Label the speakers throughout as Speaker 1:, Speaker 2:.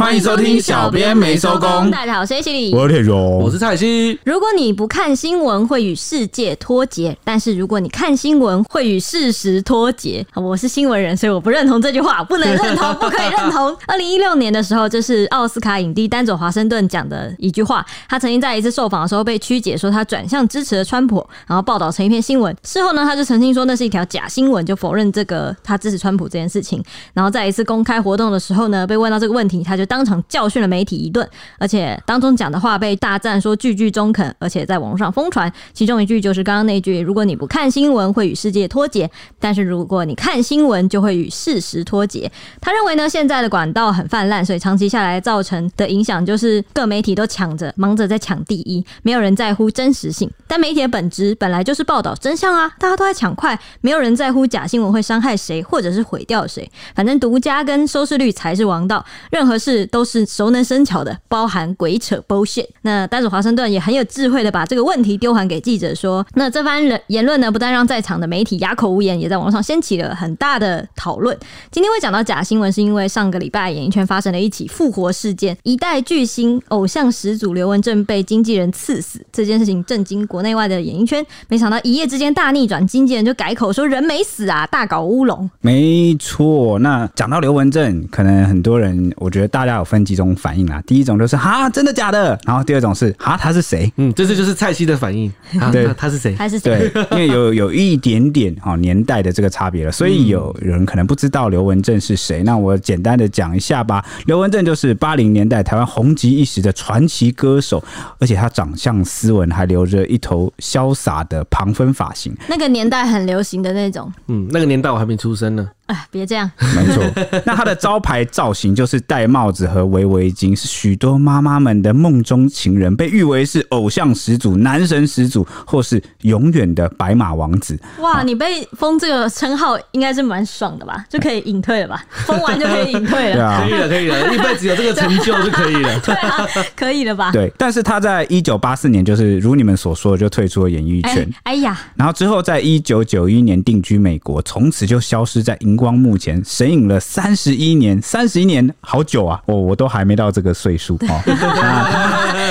Speaker 1: 歡迎
Speaker 2: 收聽《小編沒收工》沒收工，大家好，我是 Ashley，我是鐵雄，我是蔡西。如果你不看新聞，會與世界脫節；但是如果你看新聞，會與事實脫節。我是新聞人，所以我不認同這句話，不能認同，不可以認同。二零一六年的時候，就是奧斯卡影帝丹佐華盛頓講的一句話，他曾經在一次受訪的時候被曲解說他轉向支持了川普，然後報道成一篇新聞。事後呢，他就澄清說那是一條假新聞，就否認這個他支持川普這件事情。然後在一次公開活動的時候呢，被問到這個問題，他就。當場教訓了媒體一頓，而且當中講的話被大讚，說句句中肯，而且在網絡上瘋傳。其中一句就是剛剛那句：“如果你不看新聞，會與世界脫節；但是如果你看新聞，就會與事實脫節。”他認為呢，現在的管道很泛濫，所以長期下來造成的影響就是各媒體都搶着忙着在搶第一，沒有人在乎真實性。但媒體的本質本來就是報道真相啊，大家都在搶快，沒有人在乎假新聞會傷害誰，或者是毀掉誰。反正獨家跟收視率才是王道，任何事。都是熟能生巧的，包含鬼扯 bullshit。那但是華盛頓也很有智慧的把這個問題丟還給記者說：“那這番人言論呢，不但讓在場的媒體啞口無言，也在網上掀起了很大的討論。”今天會講到假新聞，是因為上個禮拜演藝圈發生了一起復活事件，一代巨星偶像始祖劉文正被經紀人賜死，這件事情震驚國內外的演藝圈。沒想到一夜之間大逆轉，經紀人就改口說人沒死啊，大搞烏龍。
Speaker 3: 沒錯，那講到劉文正，可能很多人，我覺得大家。大家有分幾種反應啊？第一種就是哈，真的假的？然後第二種是哈，他是誰？嗯，
Speaker 1: 這次就是蔡西的反應，啊。對，他是誰？他是誰？
Speaker 3: 對，因為有有一點點哈，喔，年代的這個差別了，所以有人可能不知道劉文正是誰，嗯。那我簡單的講一下吧。劉文正就是八零年代台灣紅極一時的傳奇歌手，而且他長相斯文，還留着一頭瀟灑的旁分髮型，
Speaker 2: 那個年代很流行的那種。嗯，
Speaker 3: 那個年代我還沒出生呢。
Speaker 2: 哎，別這樣！
Speaker 3: 沒錯，那他的招牌造型就是戴帽子和圍圍巾，是許多媽媽們的夢中情人，被譽為是偶像始祖、男神始祖，或是永遠的白馬王子。
Speaker 2: 哇，啊，你被封這個稱號應該是蠻爽的吧？就可以隱退了吧？ 封
Speaker 1: 完就可以隱退了。對啊，可以的，可以的，一輩子有這個成就就可以了 對
Speaker 2: 啊，可以了吧？對。
Speaker 3: 但是他在一九八四年，就是如你們所說的，就退出了演藝圈，哎。哎呀，然後之後在一九九一年定居美國，從此就消失在英。光目前神隱了三十一年，三十一年好久啊！我、哦、我都還沒到這個歲數啊，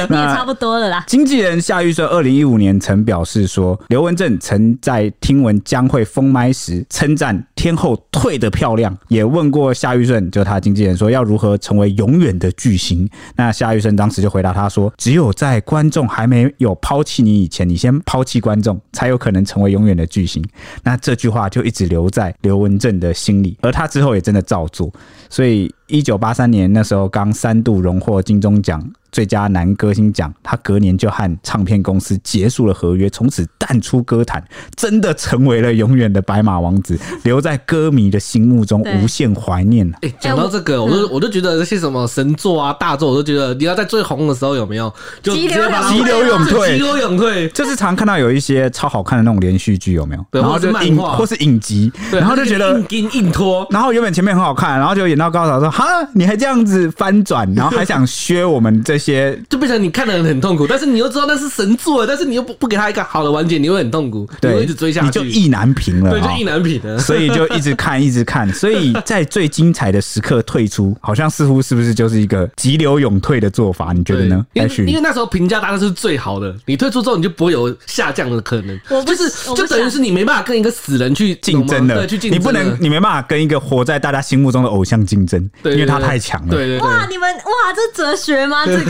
Speaker 3: 你也差不多了啦。經紀人夏玉順二零一五年曾表示說，劉文正曾在聽聞將會封麥時稱讚天后退得漂亮，也問過夏玉順，就是、他經紀人說要如何成為永遠的巨星。那夏玉順當時就回答他說，只有在觀眾還沒有拋棄你以前，你先拋棄觀眾，才有可能成為永遠的巨星。那這句話就一直留在劉文正的心理，而他之後也真的照做，所以一九八三年那時候剛三度榮獲金鐘獎。最佳男歌星獎，他隔年就和唱片公司結束了合約，從此淡出歌壇，真的成為了永遠的白馬王子，留在歌迷的心目中無限懷念。哎，
Speaker 1: 講到這個，我就我就覺得那些什麼神作啊、大作，我都覺得你要在最紅的時候有沒有？急流急流勇退，急流勇退。就是常
Speaker 3: 看到有一些超好看的那種連續劇，有沒有？然後是漫畫，或是影集，然後就覺得硬硬拖，然後原本前面很好看，然後就演到高潮說哈，你還這樣子翻轉，然後還想
Speaker 1: 削我們這些就變成你看的人很痛苦，但是你又知道那是神作，但是你又不不給他一個好的完結，你會很痛苦，對，我一直追下去，你就意
Speaker 3: 難平了。哦，對，就意難
Speaker 1: 平了，所以就一直
Speaker 3: 看，一直看，所以在最精彩的時刻退出，好像似乎是不是就是一個急流勇退的做法？你覺得呢？也
Speaker 1: 許，因為那時候評價當然是最好的，你退出之後你就不會有下降的可能，我不，就是，就等於是你沒辦法跟一個死人去競爭的，去競爭了，你不能，你
Speaker 3: 沒辦法跟一個活在大家心目中的偶像競爭，因為他太強了，對對，對，
Speaker 2: 對，哇，你們哇，這是哲學嗎？這個。這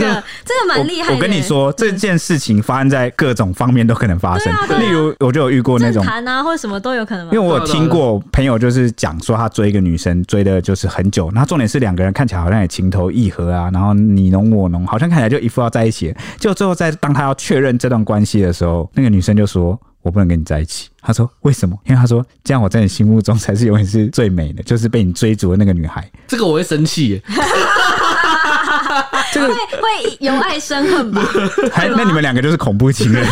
Speaker 2: 個蠻厲害。我跟你說，
Speaker 3: 這件事情發生在各種方面都可能發生。啊啊、例如，我就有遇過那種談啊，或者什麼都有可
Speaker 2: 能嗎。因為我有聽過
Speaker 3: 朋友就是講說，他追一個女生，追的就是很久。那重點是兩個人看起來好像也情投意合啊，然後你儂我儂，好像看起來就一副要在一起。就最後在當他要確認這段關係的時候，那個女生就說：“我不能跟你在一起。”他說：“為什麼？”因為他說：“這樣我在你心目中才是永遠是最美的，就是被你追逐的那個女孩。”
Speaker 1: 這個我會生氣耶。
Speaker 2: 會會由愛生恨吧嗎？
Speaker 3: 還那你們兩個就是恐怖情人。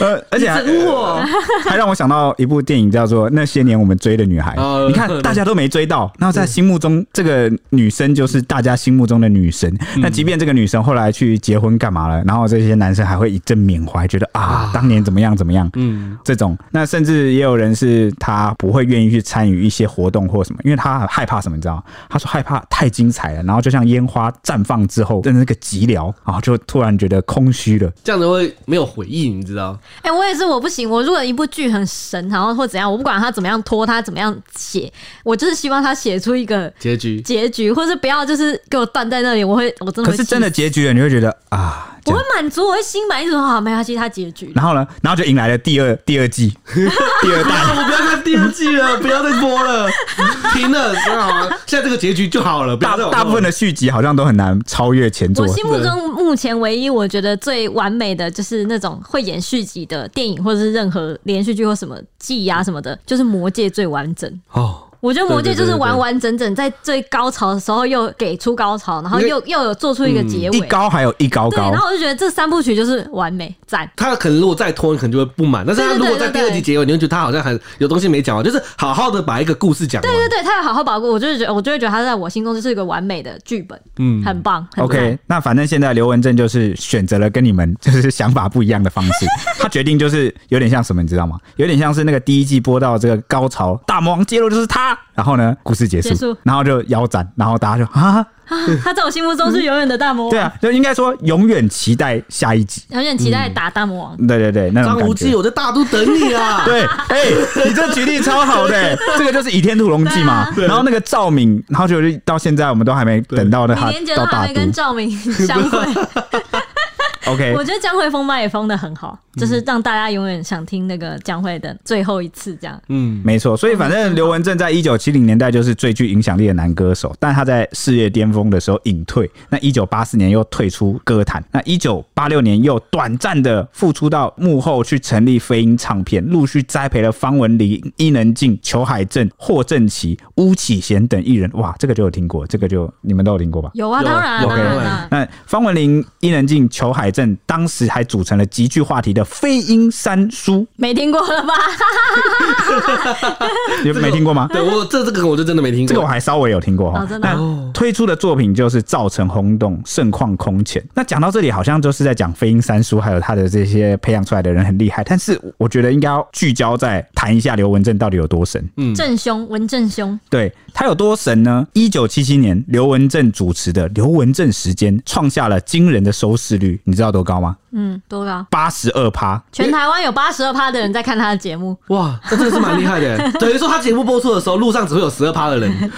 Speaker 3: 呃，而且還，還讓我想到一部電影叫做《那些年我們追的女孩》。哦、你看大家都沒追到，那在心目中這個女生就是大家心目中的女神。那即便這個女生後來去結婚幹嘛了，然後這些男生還會一陣緬懷，覺得啊，當年怎麼樣怎麼樣。啊、嗯，這種那甚至也有人是他不會願意去參與一些活動或什麼，因為他很害怕什麼，你知道他說害怕太精彩了，然後就像煙花。綻放之後，真的那個寂寥啊！就突然覺得空虛了，
Speaker 1: 這樣子會沒有回應，你知道？
Speaker 2: 哎、欸，我也是，我不行。我如果一部劇很神，然後或怎樣，我不管他怎麼樣拖，他怎麼樣寫，我就是希望他寫出一個結局，結局，結局，或是不要就是給我斷在那裡。我會，我真的，可是真的
Speaker 3: 結局了，你會覺得啊。
Speaker 2: 我會滿足，我會心滿意足，好，沒關係他結局。
Speaker 3: 然後呢？然後就迎來了第二第二季，
Speaker 1: 第二代、 啊。我
Speaker 2: 不要看第二季了， 不要
Speaker 1: 再播了，停了。現在
Speaker 3: 這個結局就好了。不要大大部分的續集好像都很難超越前作。我心目中
Speaker 2: 目前唯一我覺得最完美的就是那種會演續集的電影或者是任何連續劇或什麼季啊什麼的，就是《魔戒》最完整。哦。我覺得魔戒就是完完整整在最高潮的時候又給出高潮，然後又、嗯、又有做出一個結尾，一高
Speaker 1: 還有一高高。對，然
Speaker 2: 後我就覺得這三部曲就是完美讚。他
Speaker 1: 可能如果再拖，可能就會不滿。但是他如果在第二集結尾，你會覺得他好像還有東西沒講完，就是好好的把一個故事講
Speaker 2: 完。對對對，他要好好把握，我就是覺得，我就會覺得他在我心中就是一個完美的劇本。嗯，很，很棒。OK，
Speaker 3: 那反正現在劉文正就是選擇了跟你們就是想法不一樣的方式， 他決定就是有點像什麼，你知道嗎？有點像是那個第一季播到這個高潮，大魔王
Speaker 2: 揭露就是他。
Speaker 3: 然後呢，故事結束，結束然後就腰斬，然後大家就啊，
Speaker 2: 他在我心目中是永遠的大魔王。對
Speaker 3: 啊，就應該說永遠期待下一集，永遠期待打大魔王。嗯、對對對，那張無忌我
Speaker 2: 在大都等你啊！ 對，哎、欸，你這舉例超好的、欸， 這
Speaker 3: 個就是《倚天屠龍記》嘛。然後那個趙敏，然後就是到現在我們都還沒等到那他到大都跟
Speaker 2: 趙敏相會。 OK，我覺得江蕙封麥也封得很好，嗯，就是讓大家永遠想聽那個江蕙的最後一次這樣。嗯，
Speaker 3: 沒錯。所以反正劉文正在一九七零年代就是最具影響力的男歌手，但他在事業巔峰的時候隱退。那一九八四年又退出歌壇，那一九八六年又短暫的復出到幕後去成立飛鷹唱片，陸續栽培了方文琳、伊能靜、裘海正、霍正奇、巫啟賢等藝人。哇，這個就有聽過，這個就你們都有聽過吧？
Speaker 2: 有啊，有當然，啊、okay, 有, okay, 有。
Speaker 3: 那方文琳、伊能靜、裘海正。當時還組成了極具話題的飛鷹三姝，
Speaker 2: 沒聽過了吧？
Speaker 3: 有 沒聽過嗎？這個、對我這這個我就真的沒聽過，這個我還稍微有聽過哈、哦哦。那推出的作品就是造成轟動，盛況空前。那講到這裡，好像就是在講飛鷹三姝還有他的這些培養出來的人很厲害，但是我覺得應該要聚焦在談一下劉文正到底有多神。嗯，
Speaker 2: 正兄文正兄，
Speaker 3: 對他有多神呢？一九七七年，劉文正主持的《劉文正時間》創下了驚人的收視率，你知道。要多高嗎？嗯，
Speaker 2: 多高？
Speaker 3: 八十二趴，
Speaker 2: 全台灣有八十二趴的人在看他的節目。哇，這真的是蠻厲害的， 等於說他節目播
Speaker 1: 出的時候，路上只會有十二趴的人。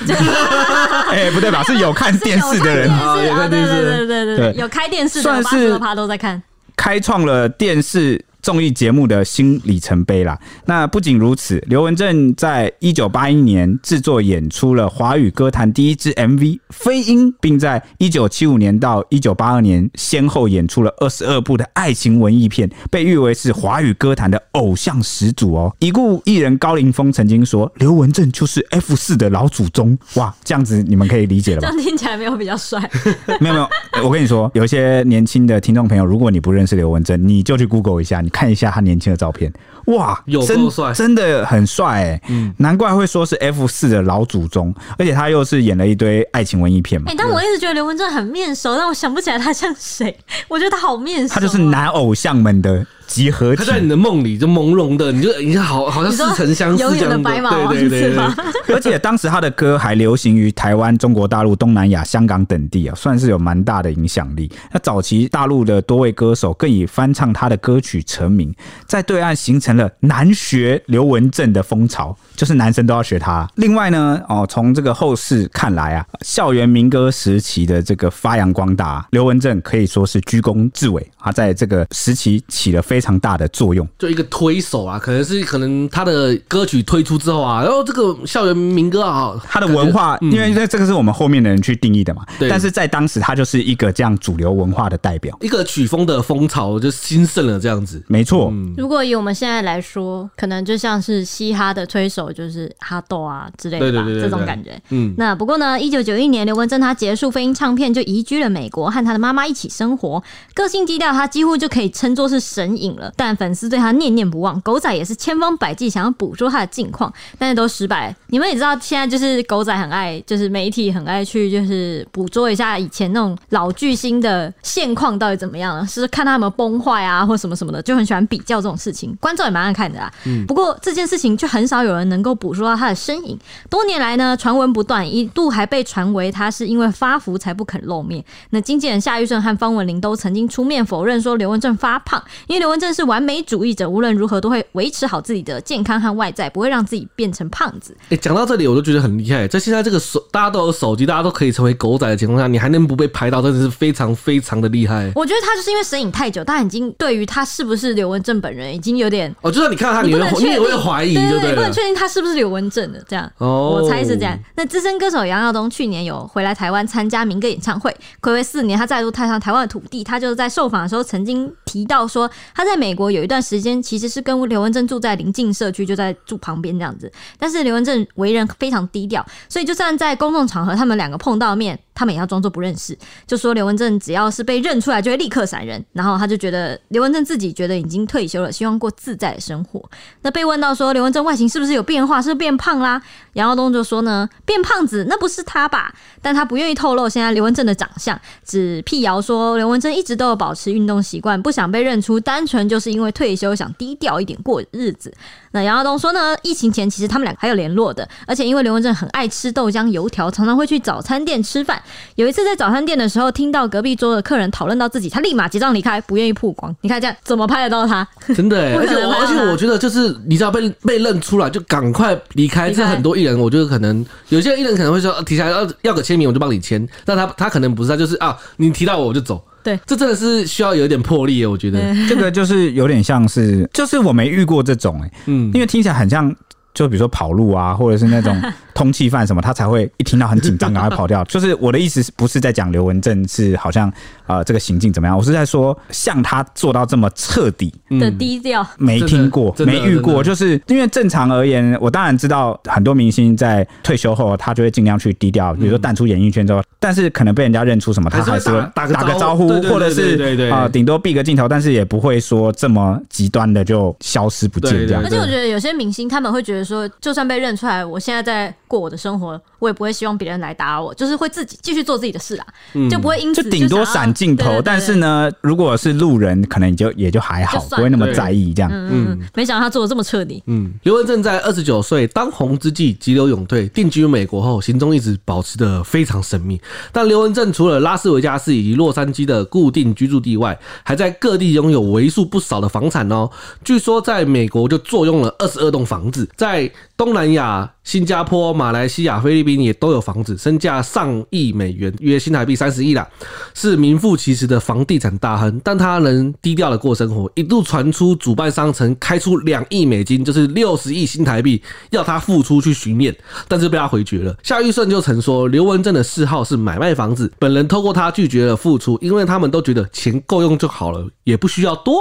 Speaker 1: 哎、啊 欸，不對吧？是有看電視的人啊，有看電視，有看電視、啊，對對對，
Speaker 2: 對，有開電視，算八十二趴都在看，
Speaker 3: 開創了電視。綜藝節目的新里程碑啦。那不僅如此，劉文正在一九八一年制作演出了華語歌壇第一支 MV《飛鷹》，並在一九七五年到一九八二年先後演出了二十二部的愛情文藝片，被譽為是華語歌壇的偶像始祖哦。已故藝人高凌風曾經說：“劉文正就是 F 四的老祖宗。”哇，這樣子你們可以理解了吧？
Speaker 2: 這樣聽起來沒有比較帥 ，
Speaker 3: 沒有沒有。我跟你說，有些年輕的聽眾朋友，如果你不認識劉文正，你就去 Google 一下你。看一下他年輕的照片，哇，有夠帥，真的很帥，欸嗯，難怪會說是 F4 的老祖宗，而且他又是演了一堆愛情文藝片嘛。哎、欸，但我一
Speaker 2: 直覺得劉文正很面熟，但我想不起來他像誰，我覺得他好面熟，啊，他就
Speaker 3: 是男偶像們的。集合，他在
Speaker 2: 你
Speaker 1: 的夢裡就朦朧的，你就你就好像好像是似曾相識的白毛，對對
Speaker 2: 對對，對是
Speaker 3: 是。而且當時他的歌還流行於台灣、中國大陸、東南亞、香港等地啊，算是有蠻大的影響力。那早期大陸的多位歌手更以翻唱他的歌曲成名，在對岸形成了男學劉文正的風潮，就是男生都要學他。另外呢，哦，從這個後世看來啊，校園民歌時期的這個發揚光大，劉文正可以說是居功至偉。他在這個時期起了非。非常大的作用，
Speaker 1: 就一個推手啊，可能是可能他的歌曲推出之後啊，然、呃、後這個校園民歌啊，他的文化，因
Speaker 3: 為在這個是我們後面的人去定義的嘛、嗯，但是在當時他就是一個這樣主流文化的代表，嗯，
Speaker 1: 一個曲風的風潮就興盛了這樣子，沒
Speaker 3: 錯、嗯。
Speaker 2: 如果以我們現在來說，可能就像是嘻哈的推手，就是哈豆啊之類的吧，對對對對對對對，這種感覺。嗯，那不過呢，一九九一年，劉文正他結束飛鷹唱片，就移居了美國，和他的媽媽一起生活，個性低調，他幾乎就可以稱作是神隱。但粉絲對他念念不忘，狗仔也是千方百計想要捕捉他的近況，但是都失敗。你們也知道，現在就是狗仔很愛，就是媒體很愛去，就是捕捉一下以前那種老巨星的現況到底怎麼樣了，是看他有沒有崩壞啊，或什麼什麼的，就很喜歡比較這種事情。觀眾也蠻愛看的啦、啊嗯。不過這件事情卻很少有人能夠捕捉到他的身影。多年來呢，傳聞不斷，一度還被傳為他是因為發福才不肯露面。那經紀人夏玉順和方文玲都曾經出面否認說劉文正發胖，因為劉文真正是完美主義者，無論如何都會維持好自己的健康和外在，不會讓自己變成胖子。
Speaker 1: 哎、欸，講到這裡我都覺得很厲害。在現在這個手，大家都有手機，大家都可以成為狗仔的情況下，你還能不被拍到，真的是非常非常的厲害。
Speaker 2: 我覺得他就是因為神隱太久，他已經對於他是不是劉文正本人已經有點哦，就算你看到他，你不能你也會懷疑就對，對對，對，你不能確定他是不是劉文正的這樣。哦，我猜是這樣。那資深歌手楊耀東去年有回來台灣參加民歌演唱會，暌違四年，他再度踏上台灣的土地。他就是在受訪的時候曾經提到說他。在美國有一段時間，其實是跟劉文正住在鄰近社區，就在住旁邊這樣子。但是劉文正為人非常低調，所以就算在公眾場合，他們兩個碰到面。他們也要裝作不認識，就說劉文正只要是被認出來，就會立刻閃人。然後他就覺得劉文正自己覺得已經退休了，希望過自在的生活。那被問到說劉文正外形是不是有變化，是不是變胖啦？楊耀東就說呢，變胖子那不是他吧？但他不願意透露現在劉文正的長相，只闢謠說劉文正一直都有保持運動習慣，不想被認出，單純就是因為退休想低調一點過日子。那楊耀東說呢，疫情前其實他們倆還有聯絡的，而且因為劉文正很愛吃豆漿油條，常常會去早餐店吃飯。有一次在早餐店的時候，聽到隔壁桌的客人討論到自己，他立馬結賬離開，不願意曝光。你看這樣怎麼拍得到他？
Speaker 1: 真的耶，而 且而且我覺得就是你知道被被認出來就趕快離開。現在很多藝人，我覺得可能有些藝人可能會說提起來要要個簽名，我就幫你簽。但他他可能不是他，他就是啊，你提到我我就走。對，這真的是需要有點魄力，欸，我覺得，嗯，這個就是有點像
Speaker 3: 是，就是我沒遇過這種誒，欸。嗯，因為聽起來很像。就比如說跑路啊，或者是那種通緝犯什麼， 他才會一聽到很緊張，趕快跑掉。 就是我的意思，不是在講劉文正，是好像呃，這個行徑怎麼樣？我是在說，像他做到這麼徹底的
Speaker 2: 低調，嗯，沒聽過，沒遇過。就
Speaker 3: 是因為正常而言，我當然知道很多明星在退休後，他就會盡量去低調，嗯，比如說淡出演藝圈之後，但是可能被人家認出什麼，他還是打個招呼，或者是對對啊，呃，頂多避個鏡頭，但是也不會說這麼極端的就消失不見這樣對對對對對。而且我覺
Speaker 2: 得有些明星他們會覺得。就是、說，就算被認出來，我現在在過我的生活，我也不會希望別人來打擾我，就是會自己繼續做自己的事啦，嗯、就不會因此就頂多閃鏡頭。對對對對，
Speaker 3: 但是呢，如果是路人，可能就也就還好就，不會那麼在
Speaker 2: 意
Speaker 1: 這樣。嗯，
Speaker 2: 嗯，嗯，嗯，嗯，沒想到他做的這麼徹底。嗯，
Speaker 1: 劉文正在二十九歲當紅之際急流勇退，定居於美國後，行蹤一直保持得非常神秘。但劉文正除了拉斯維加斯以及洛杉磯的固定居住地外，還在各地擁有為數不少的房產哦、喔。據說在美國就坐擁了二十二棟房子，在在東南亞，新加坡、馬來西亞、菲律賓也都有房子，身價上億美元，約新台幣三十億啦，是名副其實的房地產大亨。但他能低調的過生活，一度傳出主辦商曾開出兩億美金，就是六十億新台幣，要他復出，去巡演，但是被他回絕了。夏玉順就曾說，劉文正的嗜好是買賣房子，本人透過他拒絕了復出，因為他們都覺得錢夠用就好了，也不需要多。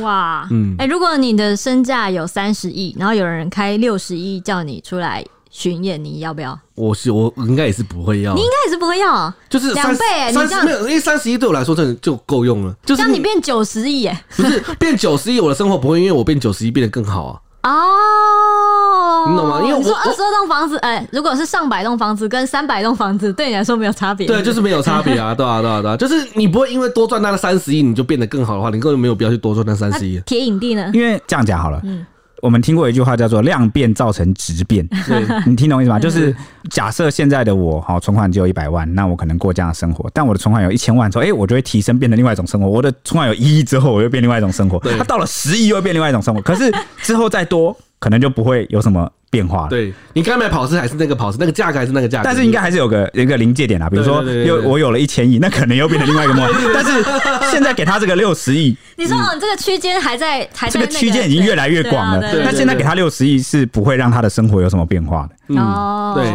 Speaker 2: 哇，嗯，哎、欸，如果你的身價有三十億，然後有人開六十億叫你出來巡演，你要不要？
Speaker 1: 我是我應該也是不會要，啊，你應
Speaker 2: 該也是不會要啊。就是兩倍，欸，你這樣沒
Speaker 1: 有，因為三十億對我來說真的就夠用了。就
Speaker 2: 讓、是、你變九十億，哎， 不
Speaker 1: 是變九十億，我的生活不會，因為我變九十億變得更好啊。哦，你懂
Speaker 2: 嗎？因為你說二十二棟房子，哎，欸，如果是上百棟房子跟三百棟房子，對你來說沒有差別。對，就是沒有差別啊，
Speaker 1: 啊。對啊，對啊，對啊，就是你不會因為多賺那個三十億，你就變得更好的話，你根本沒有必要去多賺那三十億。
Speaker 2: 鐵影帝呢？因
Speaker 1: 為這樣講好了。嗯我們聽過一句話叫做“量變造成質變”，對，你聽懂
Speaker 3: 我意思嗎？就是假設現在的我好存款只有一百萬，那我可能過這樣的生活；但我的存款有一千萬之後，哎、欸，我就會提升，變成另外一種生活。我的存款有一億之後，我又變另外一種生活。對，它到了十億又變另外一種生活，可是之後再多， 可能就不會有什麼。變化
Speaker 1: 了，對，你剛買跑車
Speaker 3: 還是那個跑車，那個價格還是那個價格，但是應該還是有個一個臨界點啊。比如說，又我有了一千億，那可能又變成另外一個夢。 但是現在給他這個六十億，你
Speaker 2: 說哦，這個區間還在，還在、那個、這個區間已經越來越廣了。那、啊、現在給他
Speaker 3: 六十億，是不會讓他的生活有什麼變化的。哦、
Speaker 2: 嗯，對，對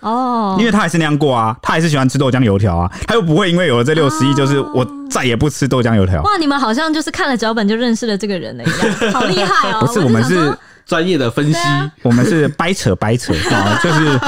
Speaker 2: 哦，因為他還是那
Speaker 3: 樣過啊，他還是喜歡吃豆漿油條啊，他又不會因為有了這六十億，就是我再也不吃豆漿油條、
Speaker 2: 哦。哇，你們好像就是看了腳本就認識了這個人一樣，好厲害哦！不
Speaker 3: 是，我，我們是專業的分析，我們、啊。是。 是掰扯掰扯 啊，就是。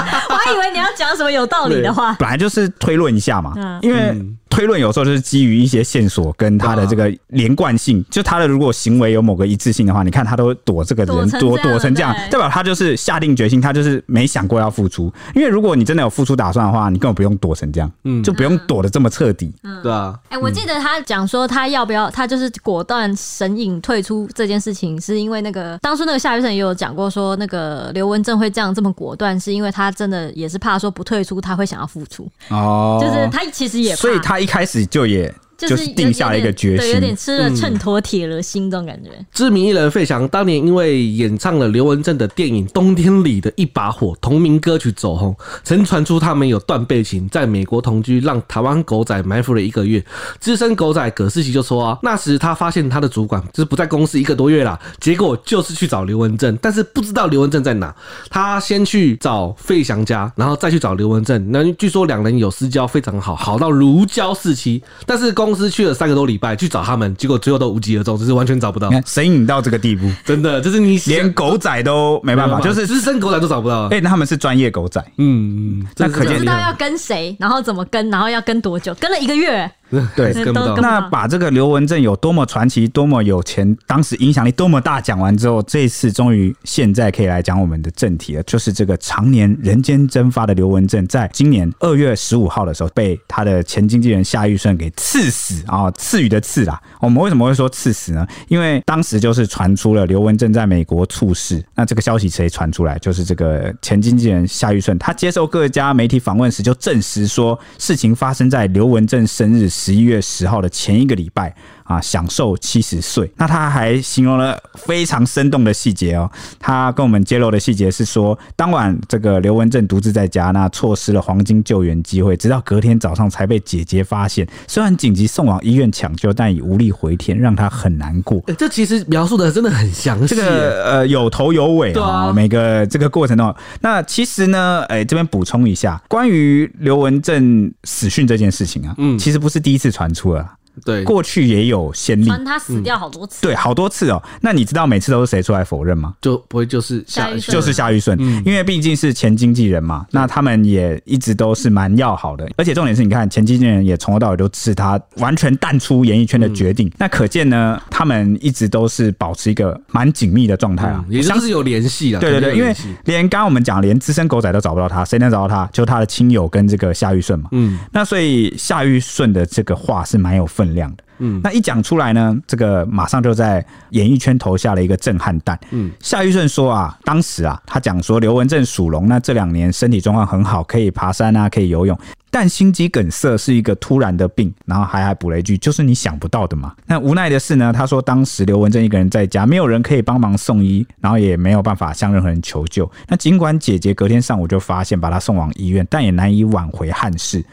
Speaker 2: 他以為你要講什麼有道理的話，
Speaker 3: 本來就是推論一下嘛。因為推論有時候就是基於一些線索跟他的這個連貫性。就他的如果行為有某個一致性的話，你看他都會躲這個人，躲躲成這樣，代表他就是下定決心，他就是沒想過要付出。因為如果你真的有付出打算的話，你根本不用躲成這樣，就不用躲得這麼徹底。
Speaker 1: 對啊，哎，我記
Speaker 2: 得他講說他要不要，他就是果斷神隱退出這件事情，是因為那個當初那個夏玉順也有講過，說那個劉文正會這樣這麼果斷，是因為他真的。也是怕說不退出，他會想要付出。
Speaker 1: 哦，就是他其實也怕，所以他一開始就也。就是定下了一個決心，對，有點吃了秤
Speaker 2: 砣鐵了心這種感覺。知名
Speaker 1: 藝人費翔當年因為演唱了劉文正的電影《冬天裡的一把火》同名歌曲走紅，曾傳出他們有斷背情，在美國同居，讓台灣狗仔埋伏了一個月。資深狗仔葛世奇就說啊，那時他發現他的主管就是不在公司一個多月啦，結果就是去找劉文正，但是不知道劉文正在哪，他先去找費翔家，然後再去找劉文正。那據說兩人有私交非常好，好到如膠似漆，但是公公司去了三個多禮拜去找他們，結果最後都無疾而終，就是完全找不到。神隱到這個地步，真的就是你 連狗仔都沒辦法，辦法就是資深狗仔都找不到。哎、欸，那他們是專
Speaker 3: 業狗仔，嗯嗯，那、嗯、可見。不知道要
Speaker 2: 跟誰，然後怎麼跟，然後要跟多久？跟了一個月。對，那
Speaker 3: 把這個劉文正有多麼傳奇、多麼有錢、當時影響力多麼大講完之後，這一次終於現在可以來講我們的正題了，就是這個常年人間蒸發的劉文正，在今年二月十五號的時候被他的前經紀人夏玉順給賜死啊、哦，賜予的賜啊，我們為什麼會說賜死呢？因為當時就是傳出了劉文正在美國猝死，那這個消息誰傳出來？就是這個前經紀人夏玉順，他接受各家媒體訪問時就證實說，事情發生在劉文正生日時，十一月十號的前一個禮拜。啊，享壽七十歲。那他還形容了非常生動的細節哦。他跟我們揭露的細節是說，當晚這個劉文正獨自在家，那錯失了黃金救援機會，直到隔天早上才被姐姐發現。雖然緊急送往醫院搶救，但已無力回天，讓他很難過。
Speaker 1: 欸、這其實描述的真
Speaker 3: 的很詳細、欸，這個呃，有頭有尾、哦、啊。每個這個過程中，那其實呢，哎、欸，這邊補充一下關於劉文正死訊這件事情啊，嗯，其實不是第一次傳出了、啊。對，過去也有先例，他死掉好多次，嗯，對，好多次哦。那你知道每次都是誰出來否認嗎？就不會就是夏，夏玉順。就是夏玉順，嗯，因為畢竟是前經紀人嘛。那他們也一直都是蠻要好的，嗯，而且重點是你看前經紀人也從頭到尾都是他完全淡出演藝圈的決定，嗯。那可見呢，他們一直都是保持一個蠻緊密的狀態啊，嗯，也是
Speaker 1: 有聯繫的。對對對，因為
Speaker 3: 連剛剛我們講，連資深狗仔都找不到他，誰能找到他？就他的親友跟這個夏玉順嘛。嗯，那所以夏玉順的這個話是蠻有分的。亮的，嗯，那一講出來呢，這個馬上就在演藝圈投下了一個震撼彈。嗯，夏玉順說啊，當時啊，他講說劉文正屬龍，那這兩年身體狀況很好，可以爬山啊，可以游泳，但心肌梗塞是一個突然的病。然後還還補了一句，就是你想不到的嘛。那無奈的是呢，他說當時劉文正一個人在家，沒有人可以幫忙送醫，然後也沒有辦法向任何人求救。那儘管姐姐隔天上午就發現把他送往醫院，但也難以挽回憾事。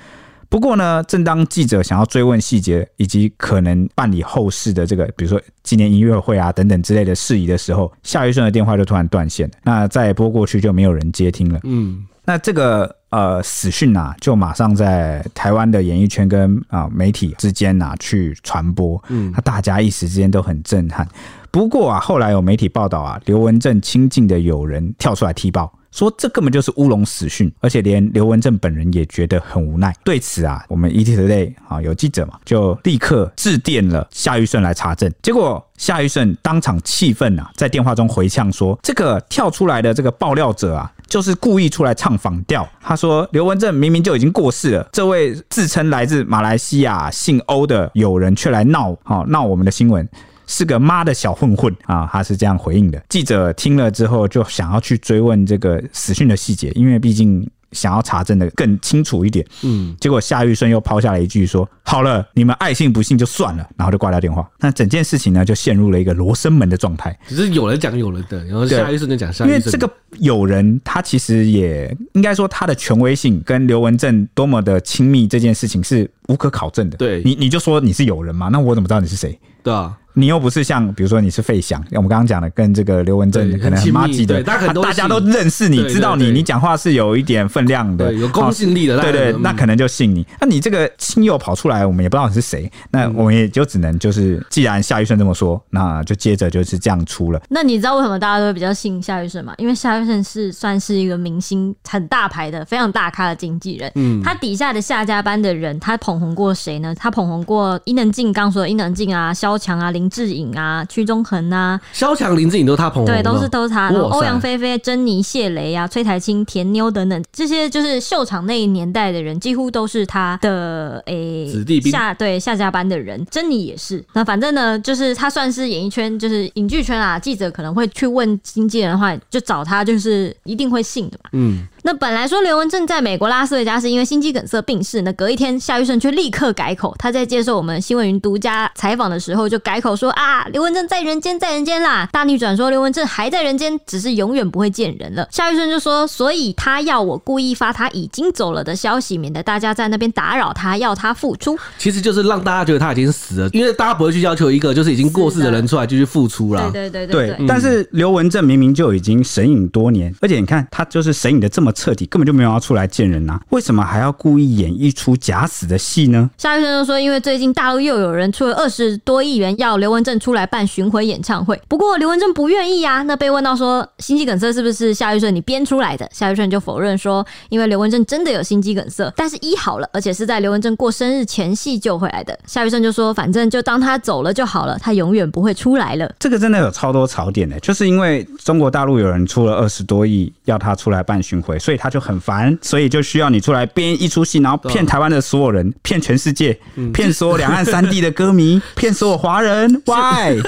Speaker 3: 不過呢，正當記者想要追問細節以及可能辦理後事的這個，比如說紀念音樂會啊等等之類的事宜的時候，夏玉順的電話就突然斷線，那再撥過去就沒有人接聽了。嗯，那這個呃死訊啊，就馬上在台灣的演藝圈跟啊、呃、媒體之間吶、啊、去傳播。嗯，那大家一時之間都很震撼。不過啊，後來有媒體報道啊，劉文正親近的友人跳出來踢爆。說這根本就是烏龍死訊，而且連劉文正本人也覺得很無奈。對此啊，我們 ETtoday 啊有記者嘛，就立刻致電了夏玉順來查證。結果夏玉順當場氣憤啊，在電話中回嗆說：“這個跳出來的這個爆料者啊，就是故意出來唱反調。”他說：“劉文正明明就已經過世了，這位自稱來自馬來西亞姓歐的友人卻來鬧，鬧我們的新聞。”是個媽的小混混啊！他是這樣回應的。記者聽了之後，就想要去追問這個死訊的細節，因為畢竟想要查證的更清楚一點。嗯，結果夏玉順又拋下了一句說：“好了，你們愛信不信就算了。”然後就掛掉電話。那整件事情呢，就陷入了一個羅生門的狀態。
Speaker 1: 只是有人講有人的，然後夏玉順講夏玉順。因為這個
Speaker 3: 友人，他其實也應該說他的權威性跟劉文正多麼的親密，這件事情是無可考證的。對，你你就說你是友人嘛？那我怎麼知道你是誰？對啊。你又不是像，比如說你是費翔，我們剛剛講的跟這個劉文正可能起碼記得對，大家都認識你，對對對知道你，你講話是有一點分量的，對有公信力的，的，對，對對，那可能就信你。嗯、那你這個親友跑出來，我們也不知道你是誰、嗯，那我們也就只能就是，既然夏玉順這麼說，那就接着就是這樣出了。
Speaker 2: 那你知道為什麼大家都會比較信夏玉順嗎？因為夏玉順是算是一個明星很大牌的、非常大咖的經紀人、嗯，他底下的夏家班的人，他捧紅過誰呢？他捧紅過伊能靜，剛說的伊能靜啊，蕭薔啊，林。林志穎啊，屈中恆啊，肖強、林志穎都是他捧紅的，對，都是都是他的。歐陽菲菲、珍妮、謝雷啊，崔苔菁、甜妞等等，這些就是秀場那一年代的人，幾乎都是他的。誒、欸，子弟兵。下對下家班的人，珍妮也是。那反正呢，就是他算是演藝圈，就是影劇圈啊，記者可能會去問經紀人的話，就找他，就是一定會信的嘛。嗯。那本來說劉文正在美國拉斯維加斯因為心肌梗塞病逝，那隔一天夏玉順卻立刻改口。他在接受我們新聞雲獨家採訪的時候就改口說啊，劉文正在人間在人間啦，大逆轉說劉文正還在人間，只是永遠不會見人了。夏玉順就說，所以他要我故意發他已經走了的消息，免得大家在那邊打擾他，要他復出。其實
Speaker 1: 就是讓大家覺得他已經死了，因為大家不會去要求一個就是已經過世的人出來繼續復出了。對
Speaker 2: 對對對，對，對，對、嗯。但是
Speaker 3: 劉文正明明就已經神隱多年，而且你看他就是神隱的這麼。徹底根本就沒有要出來見人吶、啊，為什麼還要故意演一出假死的戲呢？
Speaker 2: 夏玉順就說：“因為最近大陸又有人出了二十多億元要劉文正出來辦巡回演唱會，不過劉文正不願意啊。”那被問到說：“心肌梗塞是不是夏玉順你編出來的？”夏玉順就否認說：“因為劉文正真的有心肌梗塞，但是醫好了，而且是在劉文正過生日前夕救回來的。”夏玉順就說：“反正就當他走了就好了，他永遠不會出來了。”
Speaker 3: 這個真的有超多槽點呢、欸，就是因為中國大陸有人出了二十多億要他出來辦巡回。所以他就很煩，所以就需要你出來編一出戲，然後騙台灣的所有人，騙、啊、全世界，騙、嗯、所有兩岸三地的歌迷，騙 所有華人。Why？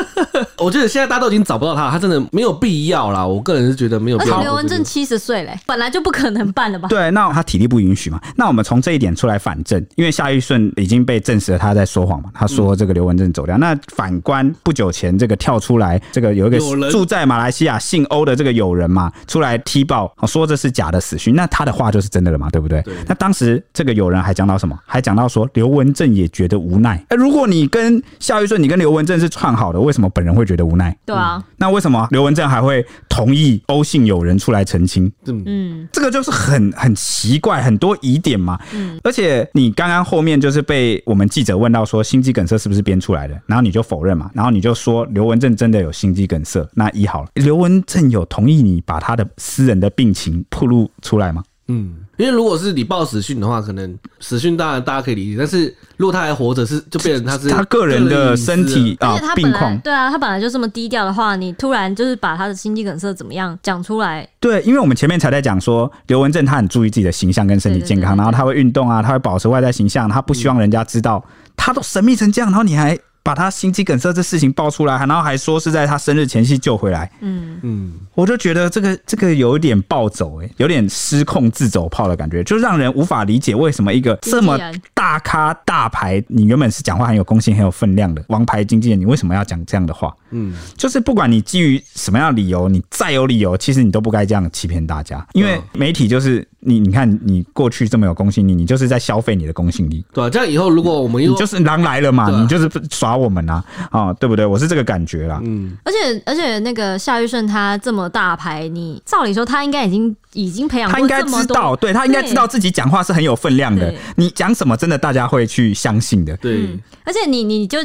Speaker 1: 我覺得現在大家都已經找不到他，他真的沒有必要啦，我個人是覺得沒有必要。而且劉文
Speaker 2: 正七十歲嘞，本來就不可能辦了吧？
Speaker 3: 對，那他體力不允許嘛。那我們從這一點出來反證，因為夏玉順已經被證實了他在說謊嘛。他說這個劉文正走掉、嗯，那反觀不久前這個跳出來，這個有一個住在馬來西亞姓歐的這個友人嘛，出來踢爆說這是假的。死訊，那他的話就是真的了嘛？對不對？對那當時這個友人還講到什麼？還講到說劉文正也覺得無奈。哎、欸，如果你跟夏玉順，你跟劉文正是串好的，為什麼本人會覺得無奈？對啊。嗯、那為什麼劉文正還會同意歐姓友人出來澄清？嗯，這個就是很很奇怪，很多疑點嘛。嗯。而且你剛剛後面就是被我們記者問到說心肌梗塞是不是編出來的，然後你就否認嘛，然後你就說劉文正真的有心肌梗塞，那醫好了，劉文正有同意你把他的私人的病情曝露。出來嗎？嗯，
Speaker 1: 因為如果是你報死訊的話，可能死訊當然大家可以理解，但是如果他還活着，是就變成他是他個人的身體啊病況。
Speaker 2: 對啊，他本來就這麼低調的話，你突然就是把他的心肌梗塞怎麼樣講出來？
Speaker 3: 對，因為我們前面才在講說劉文正他很注意自己的形象跟身體健康，然後他會運動啊，他會保持外在形象，他不希望人家知道，嗯，他都神秘成這樣，然後你還。把他心肌梗塞這事情爆出來，還然後還說是在他生日前夕救回來。嗯嗯，我就覺得這個這個有點暴走哎，欸，有點失控自走炮的感覺，就讓人無法理解為什麼一個這麼大咖大牌，你原本是講話很有公信、很有分量的王牌經紀人，你為什麼要講這樣的話？嗯，就是不管你基於什麼樣的理由，你再有理由，其實你都不該這樣欺騙大家。因為媒體就是你，你看你過去這麼有公信力，你就是在消費你的公信力。
Speaker 1: 對、啊，這樣以後如果我們又就是
Speaker 3: 狼來了嘛，啊，你就是耍。我們啊啊、哦，對不對？我是這個感覺啦。嗯，
Speaker 2: 而且而且，那個夏玉順他這麼大牌，你照理說他應該已經已經培養，他應該知道，對他應該知道自
Speaker 3: 己講話是很有分量的。你講什麼，真的大家會去相信的。
Speaker 2: 對，嗯、而且你你就。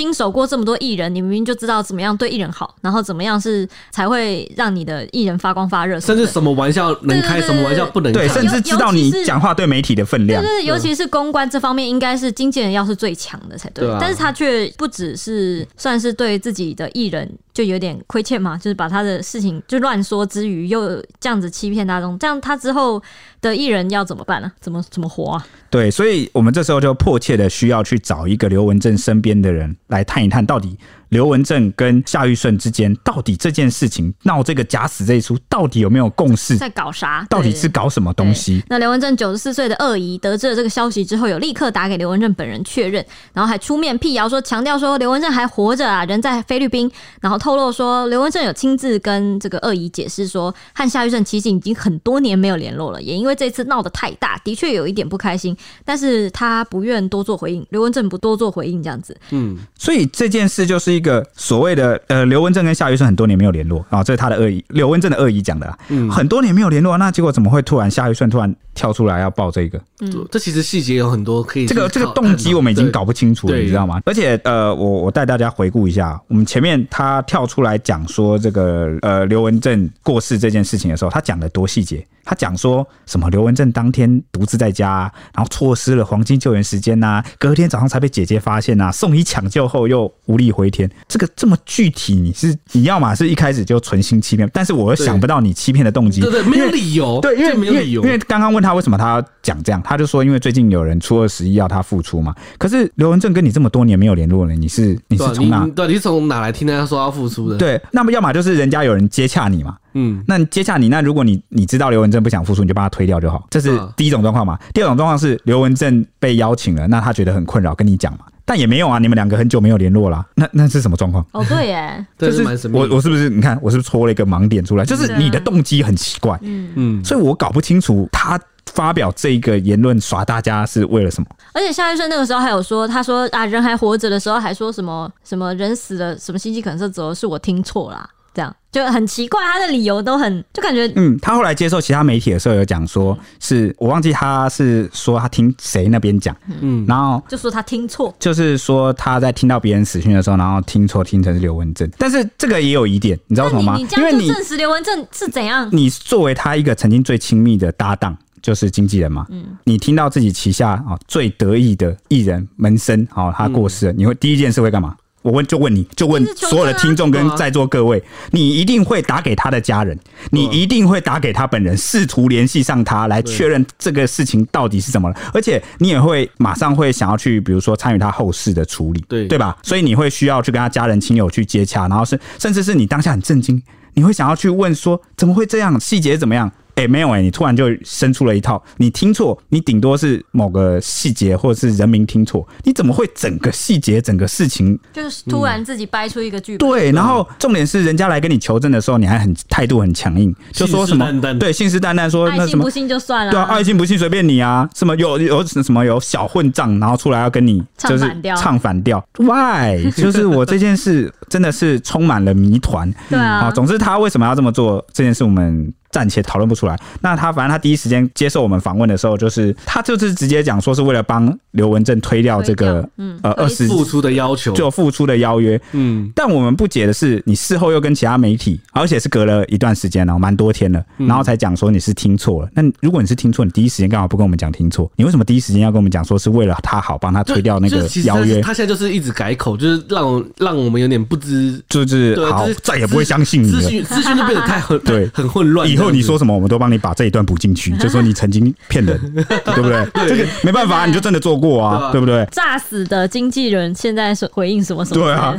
Speaker 2: 經手過這麼多藝人，你明明就知道怎麼樣對藝人好，然後怎麼樣是才會讓你的藝人發光發熱，甚至
Speaker 1: 什麼玩笑能開，對對對對，什麼玩笑不能開，對，
Speaker 2: 甚至知道你講
Speaker 3: 話對媒體的分量。就是，對對對，尤其是
Speaker 2: 公關這方面，應該是經紀人要是最強的才對，對，但是他卻不只是算是對自己的藝人。就有點虧欠嘛，就是把他的事情就亂說之餘，又這樣子欺騙大眾，這樣他之後的藝人要怎麼辦呢、啊？怎麼怎麼活啊？
Speaker 3: 對，所以我們這時候就迫切的需要去找一個劉文正身邊的人來探一探到底。劉文正跟夏玉順之間，到底這件事情鬧這個假死這一出，到底有沒有共識？在
Speaker 2: 搞啥？到底是
Speaker 3: 搞什麼東
Speaker 2: 西？對對對對，那劉文正九十四歲的二姨得知了這個消息之後，有立刻打給劉文正本人確認，然後還出面闢謠說，強調說劉文正還活着啊，人在菲律賓。然後透露說，劉文正有親自跟這個二姨解釋說，和夏玉順其實已經很多年沒有聯絡了，也因為這次鬧得太大，的確有一點不開心，但是他不願多做回應。劉文正不多做回應，這樣子。
Speaker 3: 嗯，所以這件事就是。一個所謂的呃，劉文正跟夏玉順，很多年沒有聯絡啊、哦，這是他的惡意，劉文正的惡意講的、嗯，很多年沒有聯絡，那結果怎麼會突然夏玉順突然？跳出來要報這個，嗯，
Speaker 1: 這其實細節有很多可以。這個這個動機
Speaker 3: 我們已經搞不清楚了，你知道嗎？而且呃，我我帶大家回顧一下，我們前面他跳出來講說這個呃劉文正過世這件事情的時候，他講了多細節，他講說什麼劉文正當天獨自在家，啊，然後錯失了黃金救援時間吶，隔天早上才被姐姐發現吶，啊，送醫搶救後又無力回天。這個這麼具體，你是你要嘛，是一開始就存心欺騙，但是我又想不到你欺騙的動機，對，沒有理由，對，因為沒有理由，因為剛剛問他。那為什麼他講這樣？他就說因為最近有人出二十一要他復出嘛。可是劉文正跟你這麼多年沒有聯絡了，你是你是從哪？你
Speaker 1: 是從哪，哪來聽他說要復出的？對，那麼要
Speaker 3: 麼就是人家有人接洽你嘛，嗯，那接洽你，那如果你你知道劉文正不想復出，你就把他推掉就好。這是第一種狀況嘛、啊。第二種狀況是劉文正被邀請了，那他覺得很困擾，跟你講嘛。但也沒有啊，你們兩個很久沒有聯絡了、啊，那那是什麼狀況？哦，
Speaker 2: 對，耶。
Speaker 1: 就是我我
Speaker 3: 是不是你看我是不是戳了一個盲點出來？嗯啊、就是你的動機很奇怪，嗯嗯，所以我搞不清楚他。發表這一個言論耍大家是為了什麼？
Speaker 2: 而且夏玉順那個時候還有說，他說啊，人還活着的時候還說什麼什麼人死了，什麼心肌梗塞，主要是我聽錯啦，這樣就很奇怪。他的理由都很，就感覺嗯，
Speaker 3: 他後來接受其他媒體的時候有講說，嗯、是我忘記他是說他聽誰那邊講，嗯，然後
Speaker 2: 就說他聽錯，就
Speaker 3: 是說他在聽到別人死訊的時候，然後聽錯聽成是劉文正。但是這個也有疑點，你知道什麼嗎？因為你，你證實
Speaker 2: 劉文正是怎樣
Speaker 3: 你，你作為他一個曾經最親密的搭檔。就是經紀人嘛，嗯，你聽到自己旗下啊最得意的藝人門生，好，他過世了，嗯，你會第一件事會幹嘛？我問，就問你，就問所有的聽眾跟在座各位，你一定會打給他的家人，你一定會打給他本人，試圖聯繫上他，來確認這個事情到底是怎麼了。而且你也會馬上會想要去，比如說參與他後事的處理，對對吧？所以你會需要去跟他家人親友去接洽，然後是甚至是你當下很震驚，你會想要去問說怎麼會這樣，細節怎麼樣？哎、欸、沒有哎、欸，你突然就生出了一套，你聽錯，你頂多是某個細節或者是人名聽錯，你怎麼會整個細節整個事情就是突然
Speaker 2: 自己掰出一個劇本、嗯？對，然
Speaker 3: 後重點是人家來跟你求證的時候，你還很態度很強硬，就說什麼淡淡對，信誓旦旦說愛信不
Speaker 2: 信就算了，對、啊，愛
Speaker 3: 信不信隨便你啊，什麼有有,有什麼有小混賬，然後出來要跟你唱反調，唱反調、就是、，Why？就是我這件事真的是充滿了謎團， 對啊,啊，總之他為什麼要這麼做這件事，我們。暫且討論不出來。那他反正他第一時間接受我們訪問的時候，就是他就是直接講說是為了幫劉文正推掉這個，嗯，呃，二十付出的要求，就付出的邀約，嗯。但我們不解的是，你事後又跟其他媒體，而且是隔了一段時間，然後蠻多天了，然後才講說你是聽錯了。那、嗯、如果你是聽錯，你第一時間幹嘛不跟我們講聽錯？你為什麼第一時間要跟我們講說是為了他好，幫他推掉那個邀約他？他
Speaker 1: 現在就是一直改口，就是讓讓我們有點不知，就是、就是、好再也不會相信
Speaker 3: 你的。了。資訊就變得太很對 很混亂。然後你說什麼，我們都幫你把這一段補進去，就說你曾經騙人， 對不對，對？這個沒辦法，你就真的做過啊，對，啊對不對？
Speaker 2: 詐死的經紀人現在是回應什麼什麼？對啊，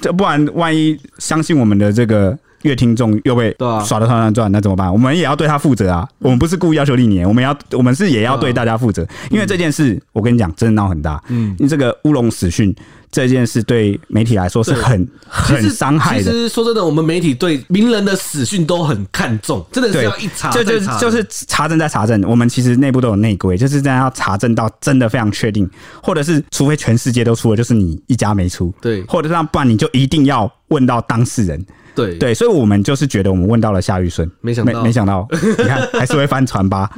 Speaker 3: 這、啊、 不然萬一相信我們的這個樂聽眾又被耍得團團轉，那怎麼辦、啊？我們也要對他負責啊！我們不是故意要求歷年，我們要我們是也要對大家負責、啊，因為這件事、嗯、我跟你講，真的鬧很大，嗯，你這個烏龍死訊。這件事對媒體來說是很很傷害的。其
Speaker 1: 實說真的，我們媒體對名人的死訊都很看重，真的是要一查再查，就是就，
Speaker 3: 就是查證再查證。我們其實內部都有內規，就是真的要查證到真的非常確定，或者是除非全世界都出了，就是你一家沒出，對，或者讓不然你就一定要問到當事人。對，所以，我們就是覺得我們問到了夏玉順，沒想沒沒想到，沒沒想到 你看還是會翻船吧？啊、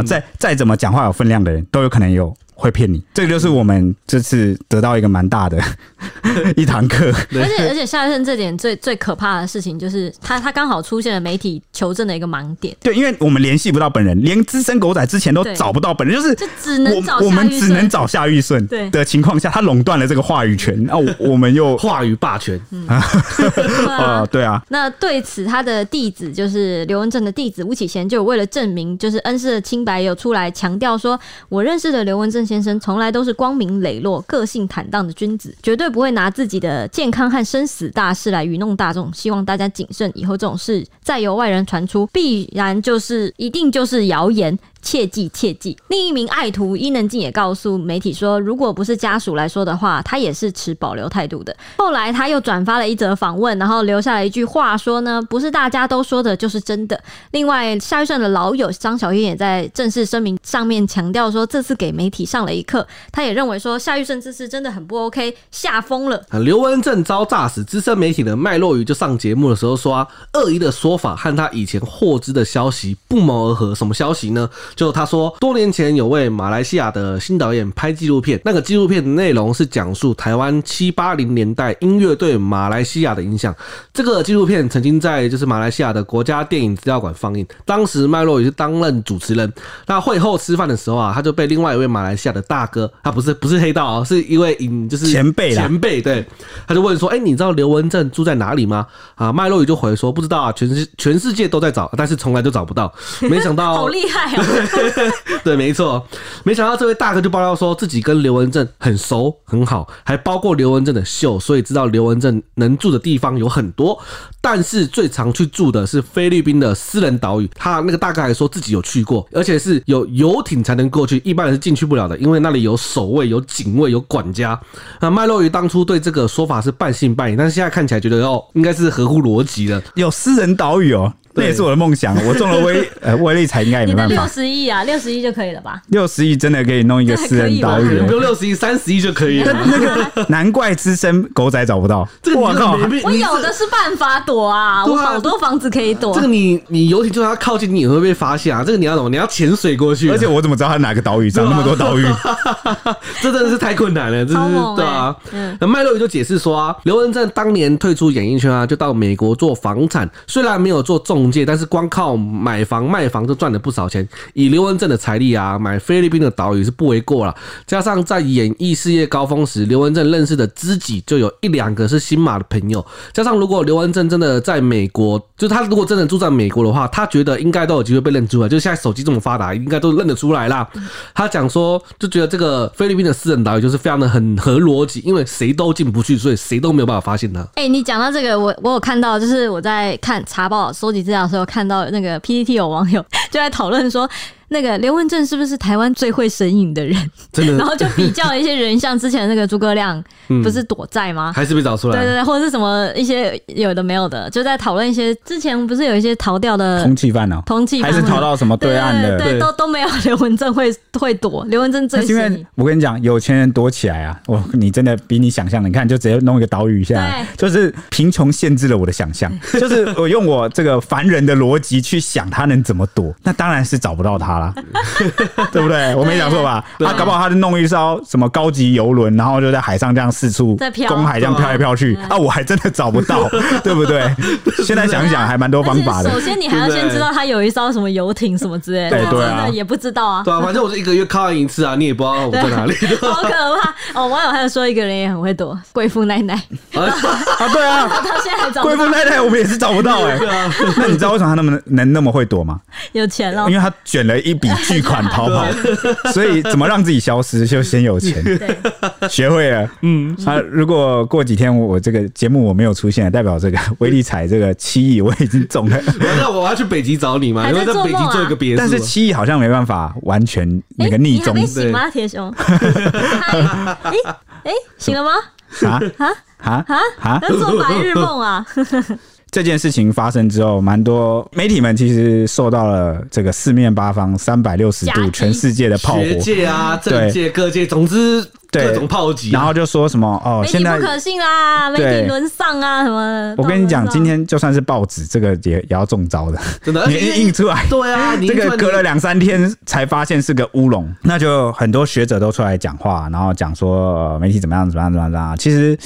Speaker 3: 嗯，再、哦、再怎麼講話有分量的人，都有可能有會騙你。這個就是我們這次得到一個蠻大的 一堂課。而且而
Speaker 2: 且，夏玉順這點最最可怕的事情，就是他他剛好出現了媒體求證的一個盲點。
Speaker 3: 對，因為我們聯繫不到本人，連資深狗仔之前都找不到本人，就是就只能我我們只能找夏玉順。對的情況下，他壟斷了這個話語權啊，我們又話語霸權啊、
Speaker 2: 嗯 嗯，對啊。 呃，對啊。那對此，他的弟子就是劉文正的弟子巫啟賢，就為了證明就是恩師的清白，有出來強調說：“我認識的劉文正先生從來都是光明磊落、個性坦蕩的君子，絕對不會拿自己的健康和生死大事來愚弄大眾。希望大家謹慎，以後這種事再由外人傳出，必然就是一定就是謠言，切記切記。”另一名愛徒伊能靜也告訴媒體說：“如果不是家屬來說的話，他也是持保留態度的。”後來他又轉發了一則訪問，然後留下來。一句話說呢，不是大家都說的，就是真的。另外，夏玉順的老友張小燕也在正式聲明上面強調說，這次給媒體上了一課。他也認為說，夏玉順這次真的很不 OK，嚇瘋了。
Speaker 1: 劉文正遭詐死，資深媒體的麥若愚就上節目的時候說，啊，惡意的說法和他以前獲知的消息不謀而合。什麼消息呢？就他說，多年前有位馬來西亞的新導演拍紀錄片，那個紀錄片的內容是講述台灣七八零年代音樂對馬來西亞的影響。這個。紀錄片曾經在就是馬來西亞的國家電影資料館放映，當時麥洛宇是擔任主持人。那會後吃飯的時候啊，他就被另外一位馬來西亞的大哥，他不是不是黑道啊、喔，是一位影就是前輩前輩。對，他就問說：“哎，你知道劉文正住在哪裡嗎？”啊，麥洛宇就回說：“不知道啊，全世全世界都在找，但是從來都找不到。”沒想到好厲害啊！對，對，沒錯，沒想到這位大哥就爆料說自己跟劉文正很熟很好，還包括劉文正的秀，所以知道劉文正能住的地方有很多。但是最常去住的是菲律賓的私人島嶼，他那個大概還說自己有去過，而且是有遊艇才能過去，一般人是進去不了的，因為那裡有守衛、有警衛、有管家。那麥若愚當初對這個說法是半信半疑，但是現在看起來覺得哦，應該是合乎邏輯的，有私人島嶼哦。那也是我的夢想。我中了威呃威力彩應該也沒辦法。六
Speaker 2: 十億啊，六十億就可以了
Speaker 3: 吧？六十億真的可以弄一個私人島嶼，欸？ 不用六
Speaker 1: 十億，三十億就可以了。難 怪資深狗仔找不到
Speaker 2: 這個。我有的是辦法躲啊，啊，我好多房子可以躲。這個你
Speaker 1: 你尤其，就是他靠近你，你會被發現啊。這個你要懂，你要潛水過去？而且我怎麼知道他哪個島嶼？長那麼多島嶼？啊、 這真的是太困難了，真 的是、欸、對啊。那麥洛宇就解釋說啊，劉文正當年退出演藝圈啊，就到美國做房產，雖然沒有做重。但是光靠買房賣房就賺了不少錢。以劉文正的財力啊，買菲律賓的島嶼是不為過了。加上在演藝事業高峰時，劉文正認識的知己就有一兩個是新馬的朋友。加上如果劉文正真的在美國，就他如果真的住在美國的話，他覺得應該都有機會被認出來。就現在手機這麼發達，應該都認得出來啦。他講說，就覺得這個菲律賓的私人島嶼就是非常的很合邏輯，因為誰都進不去，所以誰都沒有辦法發現他。
Speaker 2: 哎，你講到這個，我我有看到，就是我在看查報收集。那時候看到那個 PTT，有網友就在討論說。那個劉文正是不是台灣最會神隱的人？真的，然後就比較一些人， 像之前那個諸葛亮不是躲債嗎、嗯？還是被找出來？對對對，或者是什麼一些有的沒有的，就在討論一些之前不是有一些逃掉的通
Speaker 3: 緝犯哦，通緝犯還是逃到什麼對岸的？對，對，對，對，對，對，對，對，
Speaker 2: 對，都都沒有劉文正會會躲。劉文正真是，因
Speaker 3: 為我跟你講，有錢人躲起來啊！我你真的比你想象，你看就直接弄一個島嶼下來，就是貧窮限制了我的想象。 就是我用我這個凡人的邏輯去想，他能怎麼躲？那當然是找不到他、啊。 對不對？我沒講錯吧？他、啊、搞不好他就弄一艘什麼高級遊輪，然後就在海上這樣四處公海這樣飄來飄去啊！啊我還真的找不到， 對不對？現在想
Speaker 1: 一想，還蠻多方法的。首先你還要先知道他
Speaker 2: 有一艘什麼遊艇什麼之類的，對啊，也不知道啊。對啊，反正我
Speaker 1: 是一個月靠一次啊，你也不知道我在哪裡、
Speaker 2: 啊，好可怕哦！網友還有說一個人也很會躲貴婦奈奈啊，對啊，他現在還找。
Speaker 1: 貴婦、啊、奈奈我們也是找不到
Speaker 3: 哎、欸。對啊。 那你知道為什麼他那麼能那麼會躲嗎？
Speaker 2: 有錢了，因為
Speaker 3: 他捲了一筆巨款逃跑、嗯，
Speaker 2: 所以怎麼
Speaker 3: 讓自己消失，就先有錢，學會了。嗯，啊，如果過幾天我這個節目我沒有出現，代表這個威力彩這個七億我已經中了、
Speaker 1: 啊嗯啊啊。那我要去北極找你嗎？我在，、啊、在北極做一個別墅、啊。但是七
Speaker 3: 億好像沒辦法完全、欸、你個逆中。你還沒醒嗎，
Speaker 2: 鐵雄哎哎，醒了嗎？
Speaker 3: 啊啊啊啊做白日夢啊。欸 這件事情發生之後，蠻多媒體們其實受到了這個四面八方、三百六十度、全世界的炮火，學界啊，政界
Speaker 1: 各界，總之各種炮擊、啊。然後就說
Speaker 3: 什麼哦、啊，現在不可
Speaker 2: 信啦，媒體淪喪啊，什麼？我跟你講，今
Speaker 3: 天就算是報紙，這個也也要中招的，真的， 你印出來、欸、對啊，這個隔了兩三天才發現是個烏龍，那就很多學者都出來講話，然後講說媒體怎麼樣，怎、怎麼樣，怎麼樣其實。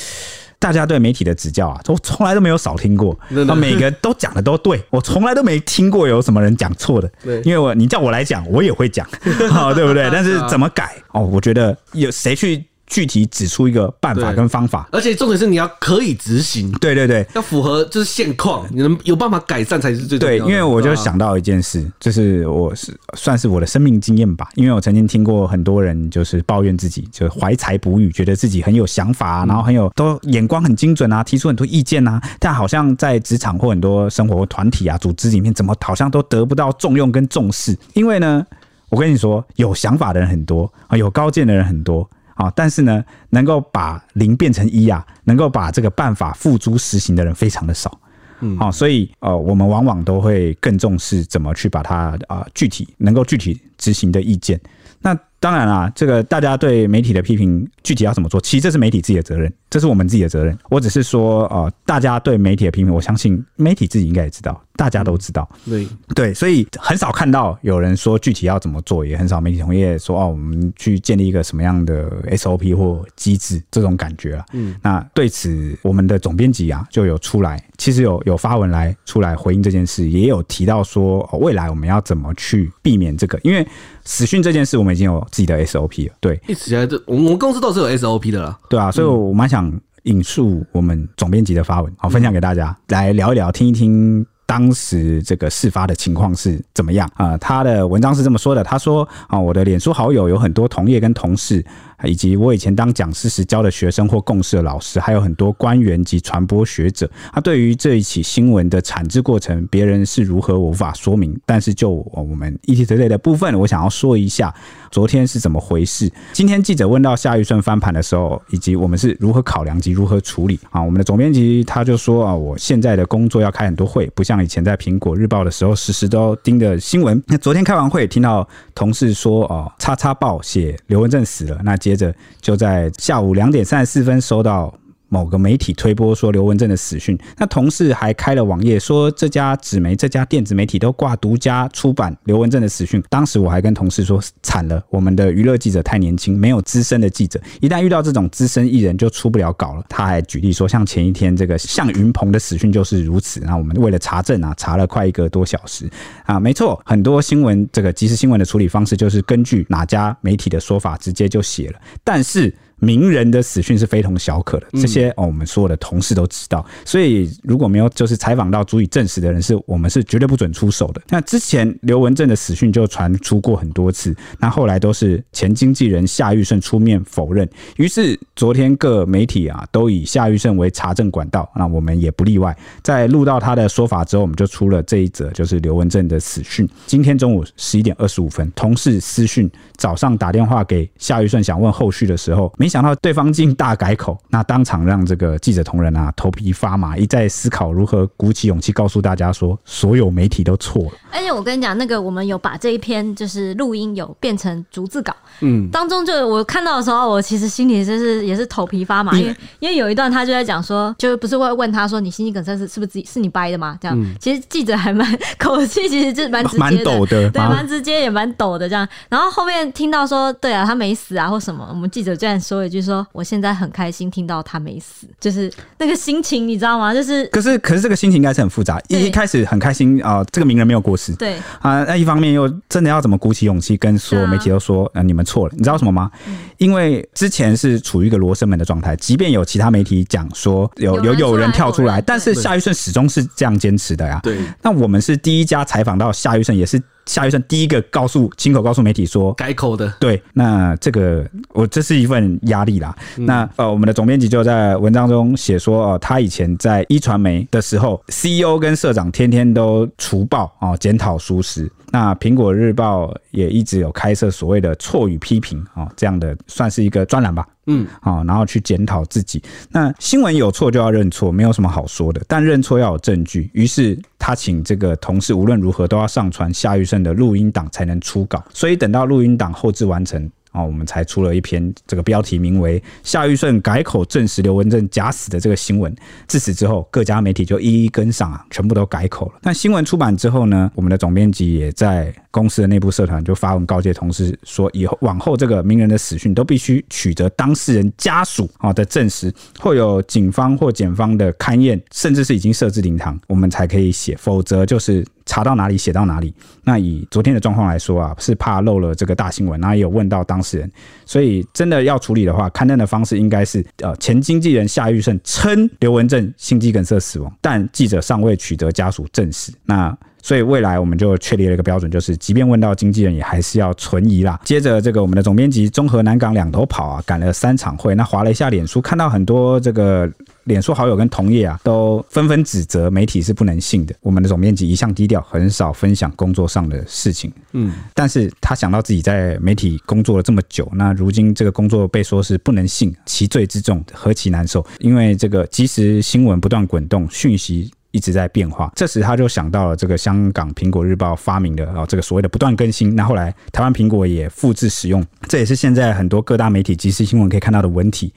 Speaker 3: 大家對媒體的指教啊，從從來都沒有少聽過，啊，每個都講的都對我，從來都沒聽過有什麼人講錯的，對，因為我你叫我來講，我也會講，好，對不對，對？ 但是怎麼改哦，我覺得有誰去。具體指出一個辦法跟方法，
Speaker 1: 而且重點是你要可以執行。對對對，要符合就是現況，你能有辦法改善才是最重要的。對，因為我就想
Speaker 3: 到一件事，啊、就是我是算是我的生命經驗吧，因為我曾經聽過很多人就是抱怨自己，就懷才不遇，覺得自己很有想法、啊嗯，然後很有都眼光很精準啊，提出很多意見啊，但好像在職場或很多生活團體啊、組織裡面，怎麼好像都得不到重用跟重視。因為呢，我跟你說，有想法的人很多啊，有高見的人很多。啊，但是呢，能夠把零變成一啊，能夠把這個辦法付諸實行的人非常的少，嗯，哦，所以呃，我們往往都會更重視怎麼去把它啊，呃，具體能夠具體執行的意見，那。當然啦、啊，這個大家對媒體的批評具體要怎麼做？其實這是媒體自己的責任，這是我們自己的責任。我只是說，呃，大家對媒體的批評，我相信媒體自己應該也知道，大家都知道。對、嗯、對，所以很少看到有人說具體要怎麼做，也很少媒體同業說哦，我們去建立一個什麼樣的 SOP 或機制這種感覺嗯，那對此，我們的總編輯啊就有出來，其實有有發文來出來回應這件事，也有提到說、哦、未來我們要怎麼去避免這個，因為死訊這件事我們已經有。自己的 SOP 對，
Speaker 1: 一直以來，都我們公司都是有 SOP 的了，
Speaker 3: 對啊，所以我蠻想引述我們總編輯的發文，好分享給大家，來聊一聊，聽一聽當時這個事發的情況是怎麼樣啊、呃？他的文章是這麼說的，他說啊，我的臉書好友有很多同業跟同事。以及我以前當講師時教的學生或共事的老師，還有很多官員及傳播學者。他、啊、對於這一起新聞的產製過程，別人是如何我無法說明。但是就我們議題 today 的部分，我想要說一下昨天是怎麼回事。今天記者問到下預順翻盤的時候，以及我們是如何考量及如何處理啊？我們的總編輯他就說啊，我現在的工作要開很多會，不像以前在蘋果日報的時候，時時都盯着新聞。那昨天開完會，聽到同事說哦、啊、叉叉報寫劉文正死了，那接。接着，就在下午兩點三十四分收到。某個媒體推播，說劉文正的死訊，那同事還開了網頁說，這家紙媒、這家電子媒體都掛獨家出版劉文正的死訊。當時我還跟同事說，慘了，我們的娛樂記者太年輕，沒有資深的記者，一旦遇到這種資深藝人就出不了稿了。他還舉例說，像前一天這個向雲鵬的死訊就是如此。那我們為了查證啊，查了快一個多小時啊，沒錯，很多新聞這個即時新聞的處理方式就是根據哪家媒體的說法直接就寫了，但是。名人的死訊是非同小可的，這些我們所有的同事都知道，嗯。所以如果沒有就是採訪到足以證實的人是，是我們是絕對不准出手的。那之前劉文正的死訊就傳出過很多次，那後來都是前經紀人夏玉順出面否認。於是昨天各媒體啊都以夏玉順為查證管道，那我們也不例外，在錄到他的說法之後，我們就出了這一則，就是劉文正的死訊。今天中午十一點二十五分，同事私訊，早上打電話給夏玉順想問後續的時候，沒。想到對方竟大改口，那當場讓這個記者同仁啊頭皮發麻，一再思考如何鼓起勇氣告訴大家說，所有媒體都錯了。
Speaker 2: 而且我跟你講，那個我們有把這一篇就是錄音有變成逐字稿，嗯，當中就我看到的時候，我其實心裡就是也是頭皮發麻，嗯，因為，因為有一段他就在講說，就不是會問他說你心肌梗塞是是不是自己是你掰的嗎？這樣，嗯，其實記者還蠻口氣，其實是蠻直接的，的對，蠻直接也蠻抖的這樣。然後後面聽到說，對啊，他沒死啊，或什麼，我們記者居然說。就是、說我現在很開心聽到他沒死，就是那個心情，你知道嗎？就是
Speaker 3: 可是可是這個心情應該是很複雜，一一開始很開心啊、呃，這個名人沒有過世，對啊、呃，那一方面又真的要怎麼鼓起勇氣跟所有媒體都說，啊呃、你們錯了，你知道什麼嗎？嗯、因為之前是處於一個羅生門的狀態，即便有其他媒體講說有有人有人跳出來，但是夏玉順始終是這樣堅持的呀、啊。對，那我們是第一家採訪到夏玉順，也是。夏玉順第一個告訴、親口告訴媒體說改口的，對，那這個我這是一份壓力啦。嗯、那呃，我們的總編輯就在文章中寫說，哦、呃，他以前在壹傳媒的時候，CEO 跟社長天天都鋤報啊，檢討疏失。那蘋果日報也一直有開設所謂的“錯與批評”啊，這樣的算是一個專欄吧，嗯，啊，然後去檢討自己。那新聞有錯就要認錯，沒有什麼好說的。但認錯要有證據，於是他請這個同事無論如何都要上傳夏玉勝的錄音檔才能出稿。所以等到錄音檔後製完成。啊、哦，我們才出了一篇這個標題名為“夏玉順改口證實劉文正假死”的這個新聞。自此之後，各家媒體就一一跟上啊，全部都改口了。那新聞出版之後呢，我們的總編輯也在公司的內部社團就發文告誡同事說，以後往後這個名人的死訊都必須取得當事人家屬啊的證實，或有警方或檢方的勘驗，甚至是已經設置靈堂，我們才可以寫，否則就是。查到哪裡寫到哪裡。那以昨天的狀況來說啊，是怕漏了這個大新聞，然後也有問到當事人，所以真的要處理的話，刊登的方式應該是，呃，前經紀人夏玉勝稱劉文正心肌梗塞死亡，但記者尚未取得家屬證實。那。所以未來我們就確立了一個標準，就是即便問到經紀人，也還是要存疑啦。接着，這個我們的總編輯中和南港兩頭跑啊，趕了三場會。那滑了一下臉書，看到很多這個臉書好友跟同業啊，都紛紛指責媒體是不能信的。我們的總編輯一向低調，很少分享工作上的事情。嗯，但是他想到自己在媒體工作了這麼久，那如今這個工作被說是不能信，其罪之重，何其難受！因為這個，即時新聞不斷滾動，訊息。一直在變化，這時他就想到了這個香港《蘋果日報》發明的啊，這個所謂的不斷更新。那後來台灣蘋果也複制使用，這也是現在很多各大媒體即時新聞可以看到的文體。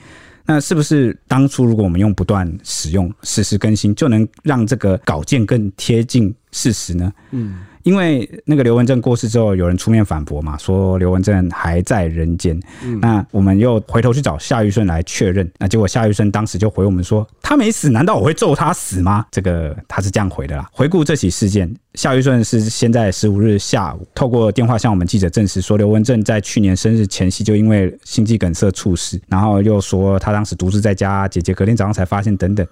Speaker 3: 那是不是當初如果我們用不斷使用、實時更新，就能讓這個稿件更貼近事實呢？嗯。因為那個劉文正過世之後，有人出面反駁嘛，說劉文正還在人間。嗯。那我們又回頭去找夏玉順來確認，那結果夏玉順當時就回我們說：“他沒死，難道我會咒他死嗎？”這個他是這樣回的啦。回顧這起事件，夏玉順是現在十五日下午透過電話向我們記者證實說，劉文正在去年生日前夕就因為心肌梗塞猝死，然後又說他當時獨自在家，姐姐隔天早上才發現等等。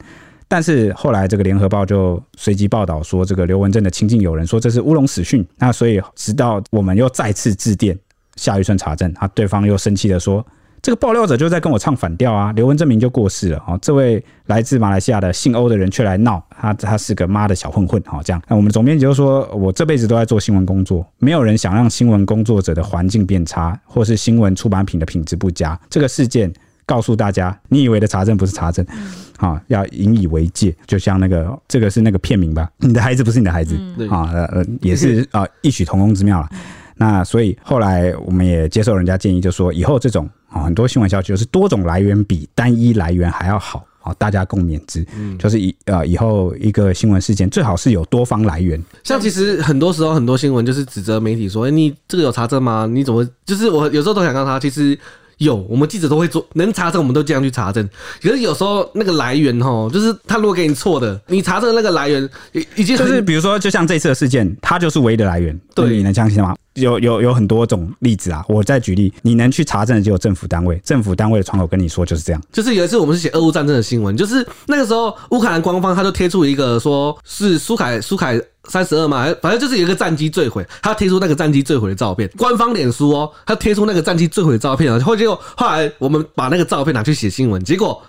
Speaker 3: 但是後來，這個聯合報就隨即報道說，這個劉文正的親近友人說這是烏龍死訊。那所以，直到我們又再次致電夏玉順查證，啊，對方又生氣地說，這個爆料者就在跟我唱反調啊，劉文正明就過世了啊、哦，這位來自馬來西亞的姓歐的人卻來鬧，他他是個媽的小混混啊、哦，這樣。那我們總編輯就說，我這輩子都在做新聞工作，沒有人想讓新聞工作者的環境變差，或是新聞出版品的品質不佳，這個事件。告訴大家，你以為的查證不是查證，好、哦、要引以為戒。就像那個、哦，這個是那個片名吧？你的孩子不是你的孩子，啊、嗯哦呃，也是啊，異、呃、曲同工之妙了。 那所以後來我們也接受人家建議，就說以後這種啊、哦，很多新聞消息就是多種來源比單一來源還要好。好、哦，大家共勉之、嗯。就是以呃以後一個新聞事件最好是有多方來源。
Speaker 1: 像其實很多時候很多新聞就是指責媒體說：“欸，你這個有查證嗎？你怎麼就是我有時候都想到他其實。”有，我們記者都會做，能查證我們都儘量去查證。可是有時候那個來源哈，就是他如果給你錯的，你查證那個來源已經很就是，
Speaker 3: 比如說就像這次的事件，它就是唯一的來源，對，你能相信嗎？有有有很多種例子啊，我再舉例，你能去查證的就有政府單位，政府單位的窗口跟你說就是這樣。
Speaker 1: 就是有一次我們是寫俄烏戰爭的新聞，就是那個時候烏克蘭官方他就貼出一個說是蘇凱蘇凱。三十二嘛，反正就是有一個戰機墜毀，他貼出那個戰機墜毀的照片，官方臉書哦、喔，他貼出那個戰機墜毀的照片，然後結果後來我們把那個照片拿去寫新聞，結果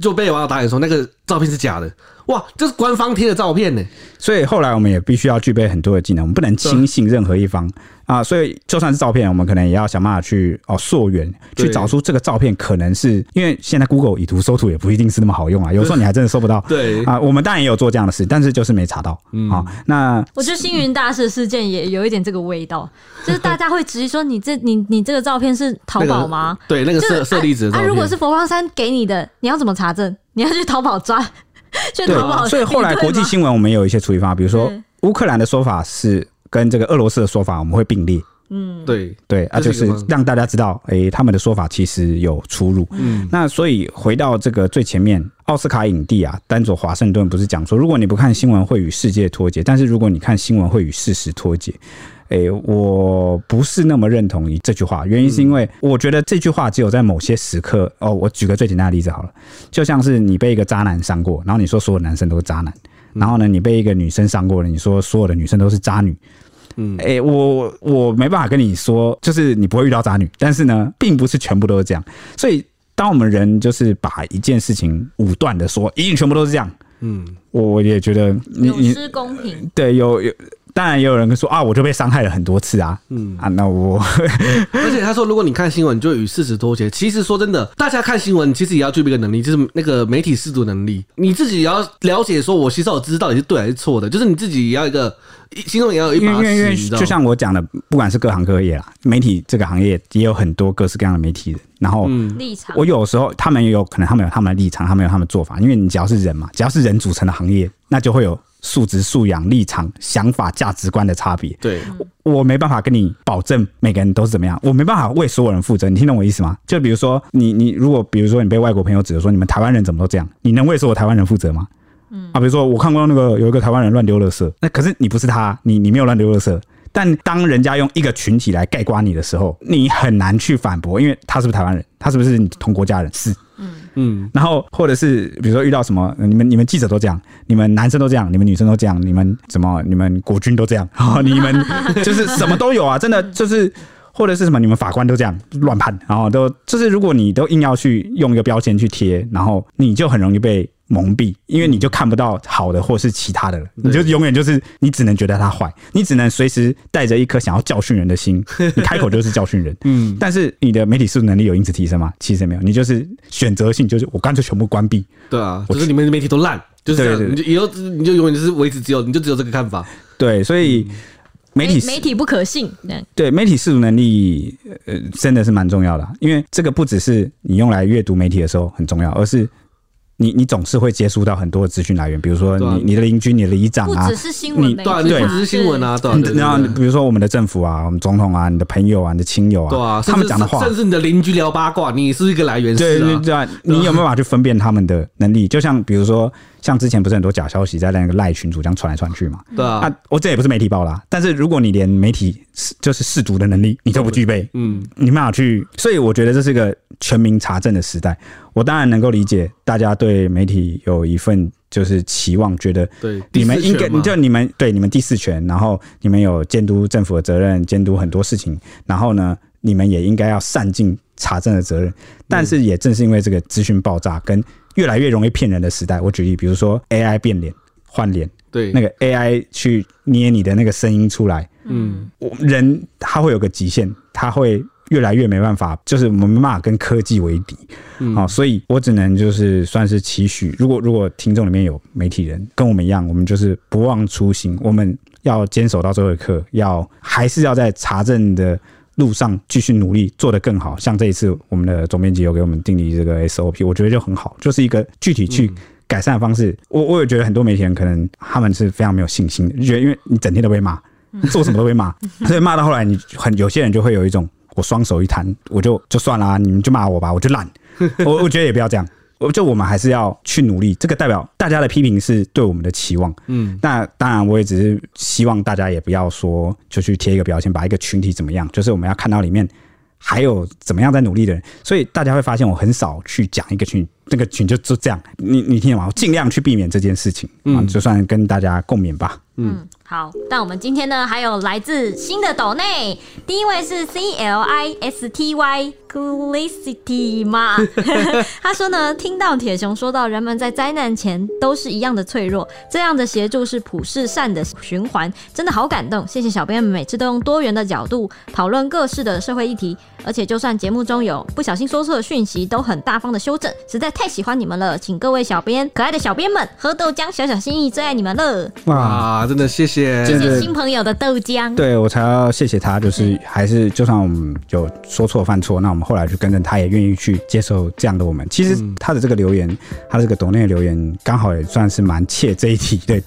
Speaker 1: 就被網友打臉說那個照片是假的。哇，這是官方貼的照片呢？欸！所以後
Speaker 3: 來我們也必須要具備很多的技能，我們不能輕信任何一方啊！所以就算是照片，我們可能也要想辦法去哦溯源，去找出這個照片可能，是因為現在 Google 以圖搜圖也不一定是那麼好用啊，有時候你還真的搜不到。對啊，我們當然也有做這樣的事，但是就是沒查到，啊、是是沒查
Speaker 1: 到，嗯，好，啊。那
Speaker 2: 我覺得星雲大師事、事件也有一點這個味道， 就是大家會直接說你這你你這個照片是淘寶嗎？那個？
Speaker 1: 對，那個設設立者啊，啊，如果是
Speaker 2: 佛光山給你的，你要怎麼查證？你要去淘寶抓？對、啊，所以後來國際新
Speaker 3: 聞我們有一些處理方法，啊、比如說烏、嗯、克蘭的說法是跟這個俄羅斯的說法我們會並列，嗯，
Speaker 1: 對
Speaker 3: 對，啊，就是讓大家知道，誒、嗯欸，他們的說法其實有出入，嗯，那所以回到這個最前面，奧斯卡影帝啊，丹佐華盛頓不是講說，如果你不看新聞會與世界脫節，但是如果你看新聞會與事實脫節。哎、欸，我不是那麼認同你這句話，原因是因為我覺得這句話只有在某些時刻、嗯、哦。我舉個最簡單的例子好了，就像是你被一個渣男傷過，然後你說所有男生都是渣男，嗯、然後呢，你被一個女生傷過了，你說所有的女生都是渣女。嗯，哎、欸，我我沒辦法跟你說，就是你不會遇到渣女，但是呢，並不是全部都是這樣。所以，當我們人就是把一件事情武斷的說，一定全部都是這樣，嗯，我也覺得你有失公平你，對，有有。當然也有人跟說啊，我就被傷害了很多次啊，嗯啊，那我、
Speaker 1: 嗯， 而且他說，如果你看新聞你就與事實脫節。其實說真的，大家看新聞，其實也要具備一個能力，就是那個媒體識讀能力。你自己也要了解，說我其實我知道到底是對還是錯的，就是你自己也要一個心中也要有一把尺。就像
Speaker 3: 我講的，不管是各行各業啊，媒體這個行業也有很多各式各樣的媒體人，然後嗯，立場，我有時候他們也有可能他們有他們的立場，他們有他們的做法，因為你只要是人嘛，只要是人組成的行業，那就會有。素質、素養、立場、想法、價值觀的差別，對，我沒辦法跟你保證每個人都是怎麼樣，我沒辦法為所有人負責。你聽懂我意思嗎？就比如說你，你如果比如說你被外國朋友指着說你們台灣人怎麼都這樣，你能為所有台灣人負責嗎？嗯啊，比如說我看過那個有一個台灣人亂丟垃圾，那可是你不是他，你你沒有亂丟垃圾。但當人家用一個群體來蓋棺你的時候，你很難去反駁，因為他是不是台灣人？他是不是你同國家人？是，嗯然後或者是比如說遇到什麼，你們你們記者都這樣，你們男生都這樣，你們女生都這樣，你們怎麼你們國軍都這樣？然後你們就是什麼都有啊，真的就是或者是什麼你們法官都這樣亂判，然後都就是如果你都硬要去用一個標籤去貼，然後你就很容易被。蒙蔽，因為你就看不到好的，或是其他的了，你就永遠就是你只能覺得他壞，你只能隨時帶着一顆想要教訓人的心，你開口就是教訓人。 嗯，但是你的媒體識讀能力有因此提升嗎？其實沒有，你就是選擇性，就是我乾脆全部關閉。對啊，
Speaker 1: 就是你們的媒體都爛，就是這樣，對對，以後你就永遠就是維持只有，你就只有這個看法。
Speaker 3: 對，所以媒體、嗯、媒
Speaker 2: 體不可信。
Speaker 3: 對，媒體識讀能力呃，真的是蠻重要的，因為這個不只是你用來閱讀媒體的時候很重要，而是。你你總是會接觸到很多的資訊來源，比如說你、啊、你的鄰居、你的里長啊，不只是新聞，對，不只是新聞啊，然後、啊啊、對對對對比如說我們的政府啊、我們總統啊、你的朋友啊、你的親友啊，對啊，他們講的話，甚至
Speaker 1: 你的鄰居聊八卦，你是一個來源、啊，對、啊、對對、啊，你有沒有辦法去分辨他
Speaker 3: 們的能力？ 就像比如說，像之前不是很多假消息在那個 LINE 群組這樣傳來傳去嘛，對啊，啊，我這也不是媒體報啦、啊，但是如果你連媒體就是識讀的能力你都不具備，嗯，你沒法去，所以我覺得這是一個全民查證的時代。我當然能夠理解，大家對媒體有一份就是期望，覺得對你們應該，就你們對你們第四權，然後你們有監督政府的責任，監督很多事情，然後呢，你們也應該要善盡查證的責任。但是也正是因為這個資訊爆炸跟越來越容易騙人的時代，我舉例，比如說 AI 變臉、換臉，對那個 AI 去捏你的那個聲音出來，嗯，人他會有個極限，他會。越來越沒辦法，就是我們罵跟科技為敵啊、嗯哦，所以我只能就是算是期許。如果如果聽眾裡面有媒體人，跟我們一樣，我們就是不忘初心，我們要堅守到最後一刻，要還是要在查證的路上繼續努力，做得更好。像這一次，我們的總編輯有給我們定義這個 SOP，我覺得就很好，就是一個具體去改善的方式。嗯、我我也覺得很多媒體人可能他們是非常沒有信心的，覺得因為你整天都被罵，你做什麼都被罵，嗯，所以罵到後來，你很有些人就會有一種，我雙手一攤，我就就算了啊，你們就罵我吧，我就懶。我我覺得也不要這樣，我就我們還是要去努力。這個代表大家的批評是對我們的期望。嗯，那當然，我也只是希望大家也不要說就去貼一個標籤，把一個群體怎麼樣。就是我們要看到裡面還有怎麼樣在努力的人。所以大家會發現，我很少去講一個群，那、這個群就就這樣。你你聽見嗎？我儘量去避免這件事情。嗯，就算跟大家共勉吧。嗯。
Speaker 2: 好，但我們今天呢還有來自新的斗內，第一位是 C L I S T Y C L I c i T Y 嘛。 他說呢，聽到鐵雄說到人們在災難前都是一樣的脆弱，這樣的協助是普世善的循環，真的好感動。謝謝小編們每次都用多元的角度討論各式的社會議題，而且就算節目中有不小心說錯的訊息，都很大方的修正，實在太喜歡你們了。請各位小編，可愛的小編們喝豆漿，小小心意最愛你們了。
Speaker 1: 哇，真的謝
Speaker 3: 謝。謝謝，謝謝新
Speaker 2: 朋友的豆漿，對，
Speaker 3: 我才要謝謝他，就是還是就算我們有說錯犯錯，嗯，那我們後來就跟着他也願意去接受這樣的我們。其實他的這個留言，嗯、他的這個抖內的留言，剛好也算是蠻切這一題的，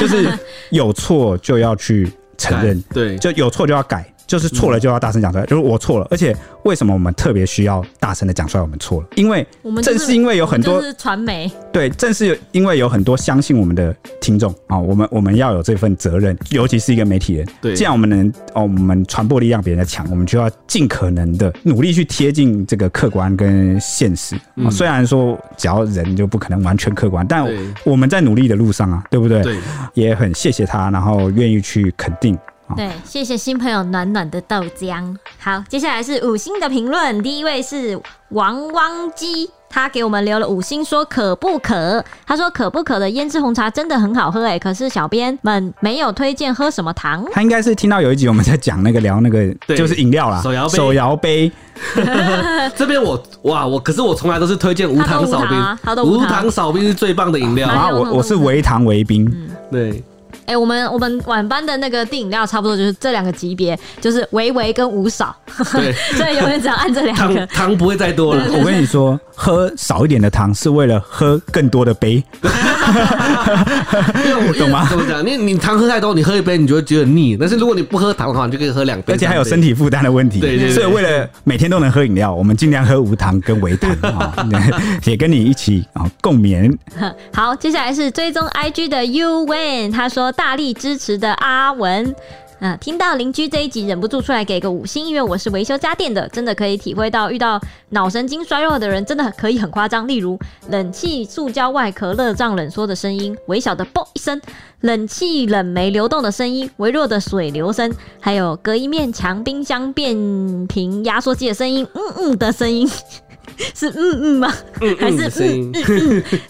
Speaker 3: 就是有錯就要去承認， 對，就有錯就要改。就是錯了就要大聲講出來，就是我錯了。而且為什麼我們特別需要大聲的講出來，我們錯了？因為我們正是因為有很多傳媒，對，正是因為有很多相信我們的聽眾啊，我們我們要有這份責任，尤其是一個媒體人。對，既然我們能，哦，我們傳播力量比人家強，我們就要盡可能的努力去貼近這個客觀跟現實。雖然說只要人就不可能完全客觀，但我們在努力的路上啊，對不對？對，也很謝謝他，然後願意去肯定。
Speaker 2: 對，謝謝新朋友暖暖的豆漿。好，接下來是五星的評論，第一位是王汪基，他給我們留了五星，說可不可？他說可不可的胭脂紅茶真的很好喝，哎，可是小編們沒有推薦喝什麼糖。
Speaker 3: 他應該是聽到有一集我們在講那個聊那個，對就是飲料啦。手搖杯，手搖
Speaker 1: 杯。
Speaker 2: 這邊我
Speaker 1: 哇，我可是我從來都是推薦無糖少冰無糖，啊無糖，無糖少冰是最棒的飲料。哦。然後我我是微糖微冰，嗯，對。
Speaker 2: 哎、欸，我們我們晚班的那個訂飲料差不多就是這兩個級別，就是微微跟無少。對， 所以永遠只要按這兩個糖。
Speaker 1: 糖不會再多
Speaker 3: 了，就是。我跟你說，喝少一點的糖是為了喝更多的杯。
Speaker 1: 哈哈哈哈哈。懂嗎？怎麼講？你你糖喝太多，你喝一杯你就會覺得膩。但是如果你不喝糖的話，你就可以喝兩杯三杯。而且還有身體負擔的問題。對對，對。對。所以為了
Speaker 3: 每天都能喝飲料，我們儘量喝無糖跟微糖啊， 也跟你一起啊共勉。
Speaker 2: 好，接下來是追蹤 IG 的 YuWen，他說。大力支持的阿文，嗯、啊，聽到鄰居這一集，忍不住出來給個五星，因為我是維修家電的，真的可以體會到遇到腦神經衰弱的人，真的可以很誇張。例如冷氣塑膠外殼熱脹冷縮的聲音，微小的“嘣”一聲；冷氣冷媒流動的聲音，微弱的水流聲；還有隔一面牆冰箱變頻壓縮機的聲音，“嗯嗯”的聲音， 是“嗯嗯”嗎？還是“嗯嗯嗯”？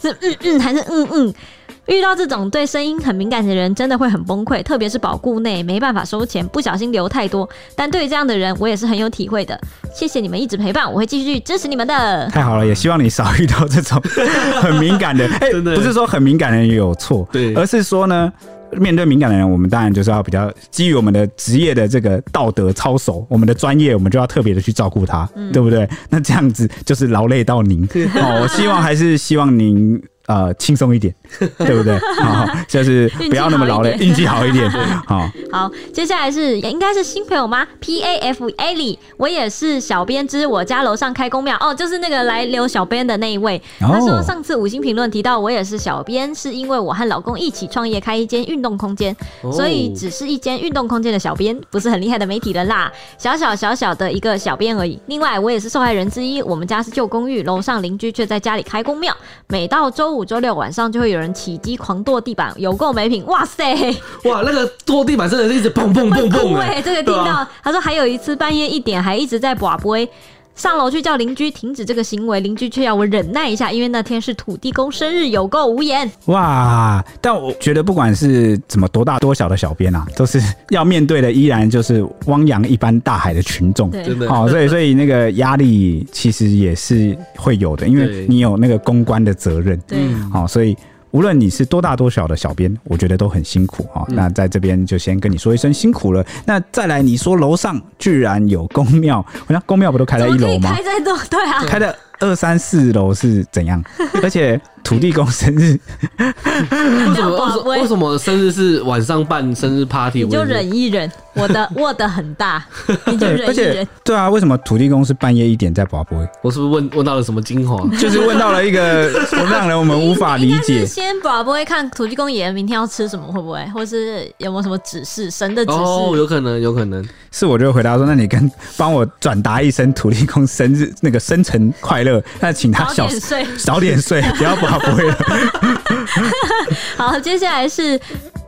Speaker 2: 是“嗯嗯”還是“嗯嗯”？遇到這種對聲音很敏感的人，真的會很崩潰，特別是保固內沒辦法收錢，不小心留太多。但對於這樣的人，我也是很有體會的。謝謝你們一直陪伴，我會繼續支持你們的。
Speaker 3: 太好了，也希望你少遇到這種很敏感的。 欸、真的耶，不是說很敏感的人也有錯，對，而是說呢，面對敏感的人，我們當然就是要比較基於我們的職業的這個道德操守，我們的專業，我們就要特別的去照顧他，嗯，對不對？那這樣子就是勞累到您 哦。我希望還是希望您。呃，輕鬆一點，對不對？ 好，就是不要那麼勞累，運氣好，好一點，對好，
Speaker 2: 好，接下來是應該是新朋友嗎？P A F a l e 我也是小編之，我家樓上開工廟哦，就是那個來留小編的那一位。他說上次五星評論提到我也是小編，是因為我和老公一起創業開一間運動空間，所以只是一間運動空間的小編，不是很厲害的媒體的啦，小小小小的一個小編而已。另外，我也是受害人之一，我們家是舊公寓，樓上鄰居卻在家裡開工廟，每到周五週六晚上就會有人起機狂跺地板，有夠沒品！哇塞，哇，那
Speaker 1: 個跺地板真的是一直砰砰砰砰，對 這個聽到
Speaker 2: 他說還有一次半夜一點還一直在呱呱，上樓去叫鄰居停止這個行為，鄰居卻要我忍耐一下，因為那天是土地公生日，有夠無言。
Speaker 3: 哇！但我覺得，不管是怎麼多大多小的小編啊，都是要面對的，依然就是汪洋一般大海的群眾。對，好、哦，所以所以那個壓力其實也是會有的，因為你有那個公關的責任。嗯，好、哦，所以。無論你是多大多小的小編，我覺得都很辛苦哈、嗯。那在這邊就先跟你說一聲辛苦了。那再來你說樓上居然有宮廟，我想宮廟不都開在一樓嗎？開
Speaker 2: 在對啊，開的。
Speaker 3: 二三四樓是怎樣？而且
Speaker 1: 土地公生日 ，
Speaker 2: 為什麼？為
Speaker 1: 什麼生日是晚上辦生日 party？我就忍
Speaker 2: 一忍，我的握的很大。 你就忍一忍
Speaker 1: 對。對啊，為什
Speaker 3: 麼土地公是半夜一點在廣播？我是不是問
Speaker 1: 問到了什麼驚慌？
Speaker 3: 就是問到了一個讓人我們無法理解。 啊、
Speaker 2: 先廣播看土地公爺明天要吃什麼，會不會？或是有沒有什麼指示？神的指示？哦，
Speaker 3: 有可能，有可能。是我就回答說，那你跟幫我轉達一聲土地公生日那個生辰快樂，那請他小早點睡，小點睡 不要
Speaker 2: 不好不會了
Speaker 1: 。
Speaker 2: 好，接下來是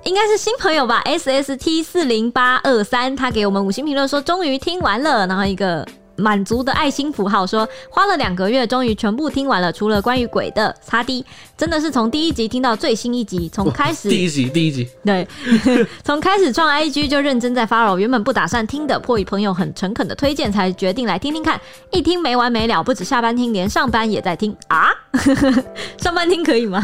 Speaker 2: 應該是新朋友吧，S S T 四零八二三，SST40823, 他給我們五星評論說，終於聽完了，然後一個。滿足的愛心符號說：“花了兩個月，終於全部聽完了，除了關於鬼的擦滴，真的是從第一集聽到最新一集，從開始第一集第一集對，從 開始創 IG 就認真在 follow 原本不打算聽的，迫於朋友很誠懇的推薦，才決定來聽聽看。一聽沒完沒了，不止下班聽，連上班也在聽啊。 上班聽可以嗎？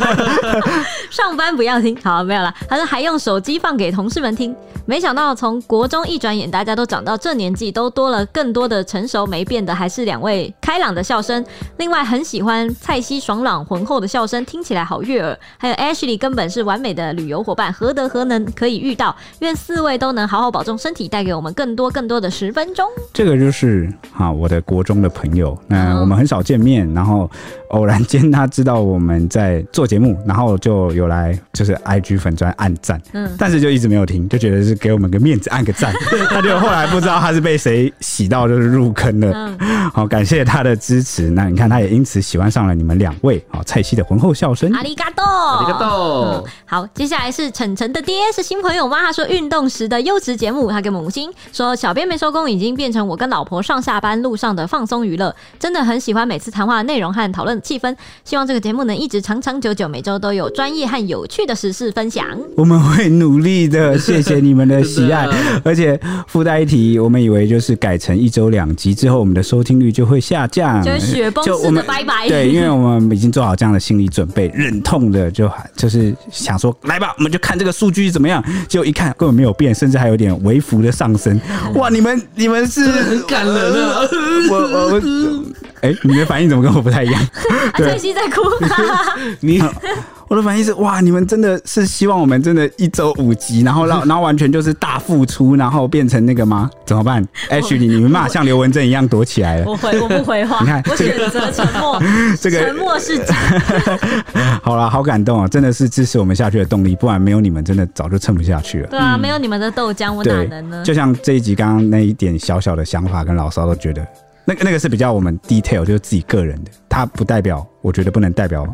Speaker 2: 上班不要聽，好、啊、沒有了。他說還用手機放給同事們聽，沒想到從國中一轉眼，大家都長到這年紀都。”多了更多的成熟，沒變的，還是兩位開朗的笑聲。另外很喜歡蔡西爽朗渾厚的笑聲，聽起來好悅耳。還有 Ashley 根本是完美的旅遊夥伴，何德何能可以遇到？願四位都能好好保重身體，帶給我們更多更多的十分鐘。
Speaker 3: 這個就是啊，我的國中的朋友，那我們很少見面，然後偶然間他知道我們在做節目，然後就有來就是 IG 粉專按讚。嗯，但是就一直沒有聽，就覺得是給我們個面子按個讚。他 就後來不知道他是被誰。洗到就是入坑了，好、嗯哦、感謝他的支持。那你看，他也因此喜歡上了你們兩位啊、哦！蔡西的渾厚笑聲，阿里
Speaker 2: 嘎多，阿里嘎多。好，接下來是晨晨的爹，是新朋友嗎？他說，運動時的優質節目，他跟母親說，小編沒收工，已經變成我跟老婆上下班路上的放鬆娛樂。真的很喜歡每次談話內容和討論氣氛，希望這個節目能一直長長久久，每週都有專業和有趣的時事分享。
Speaker 3: 我們會努力的，謝謝你們的喜愛。 啊、而且附帶一提，我們以為就是。改成一周兩集之後，我們的收聽率就會下降，就是雪崩式的拜拜，就我們拜拜。對，因為我們已經做好這樣的心理準備，忍痛的就就是想說，來吧，我們就看這個數據怎麼樣。就一看根本沒有變，甚至還有點微幅的上升、嗯。哇，你們你們是很
Speaker 1: 感人啊！我
Speaker 3: 我，我，我哎、欸，你的反應怎麼跟我不太一樣？
Speaker 2: 這一期在哭。
Speaker 3: 你，你 我的反應是哇，你們真的是希望我們真的一周五集，然後讓然後完全就是大付出，然後變成那個嗎？怎麼辦？哎，Ashley、欸、你你們罵像劉文正一樣躲起來了。我回，我不回話。你看，我選擇沉
Speaker 2: 默。 這個沉默是真
Speaker 3: 好啦，好感動啊、喔！真的是支持我們下去的動力，不然沒有你們，真的早就撐不下去了。對啊，沒
Speaker 2: 有你們的豆漿，我哪能呢？嗯、就
Speaker 3: 像這一集剛剛那一點小小的想法跟牢騷，都覺得。那個、那個是比較我們 detail 就是自己個人的，它不代表，我覺得不能代表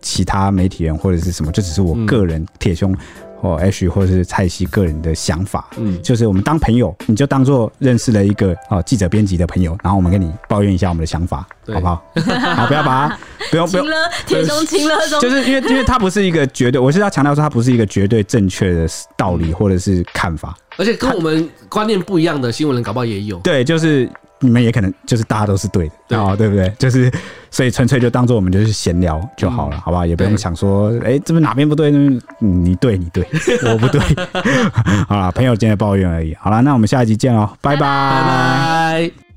Speaker 3: 其他媒體人或者是什麼，這只是我個人、嗯、鉄雄或 Ashley 或是蔡西個人的想法。嗯，就是我們當朋友，你就當做認識了一個哦記者編輯的朋友，然後我們跟你抱怨一下我們的想法，好不好？ 好，不要把它， 不要不要。
Speaker 2: 鉄雄，情了、呃，就是因為
Speaker 3: 因為它不是一個絕對，我是要強調說它不是一個絕對正確的道理或者是看法。
Speaker 1: 而且跟我們觀念不一樣的新聞人搞不好也有。對，就
Speaker 3: 是。你們也可能就是大家都是對的，對啊，對不對？就是所以純粹就當做我們就是閒聊就好了，嗯，好不好？也不用想說，哎，這邊哪邊不對？嗯，你對你對，我不對， 好啦，朋友間的抱怨而已。好了，那我們下一集見哦，拜拜拜。拜拜拜
Speaker 1: 拜。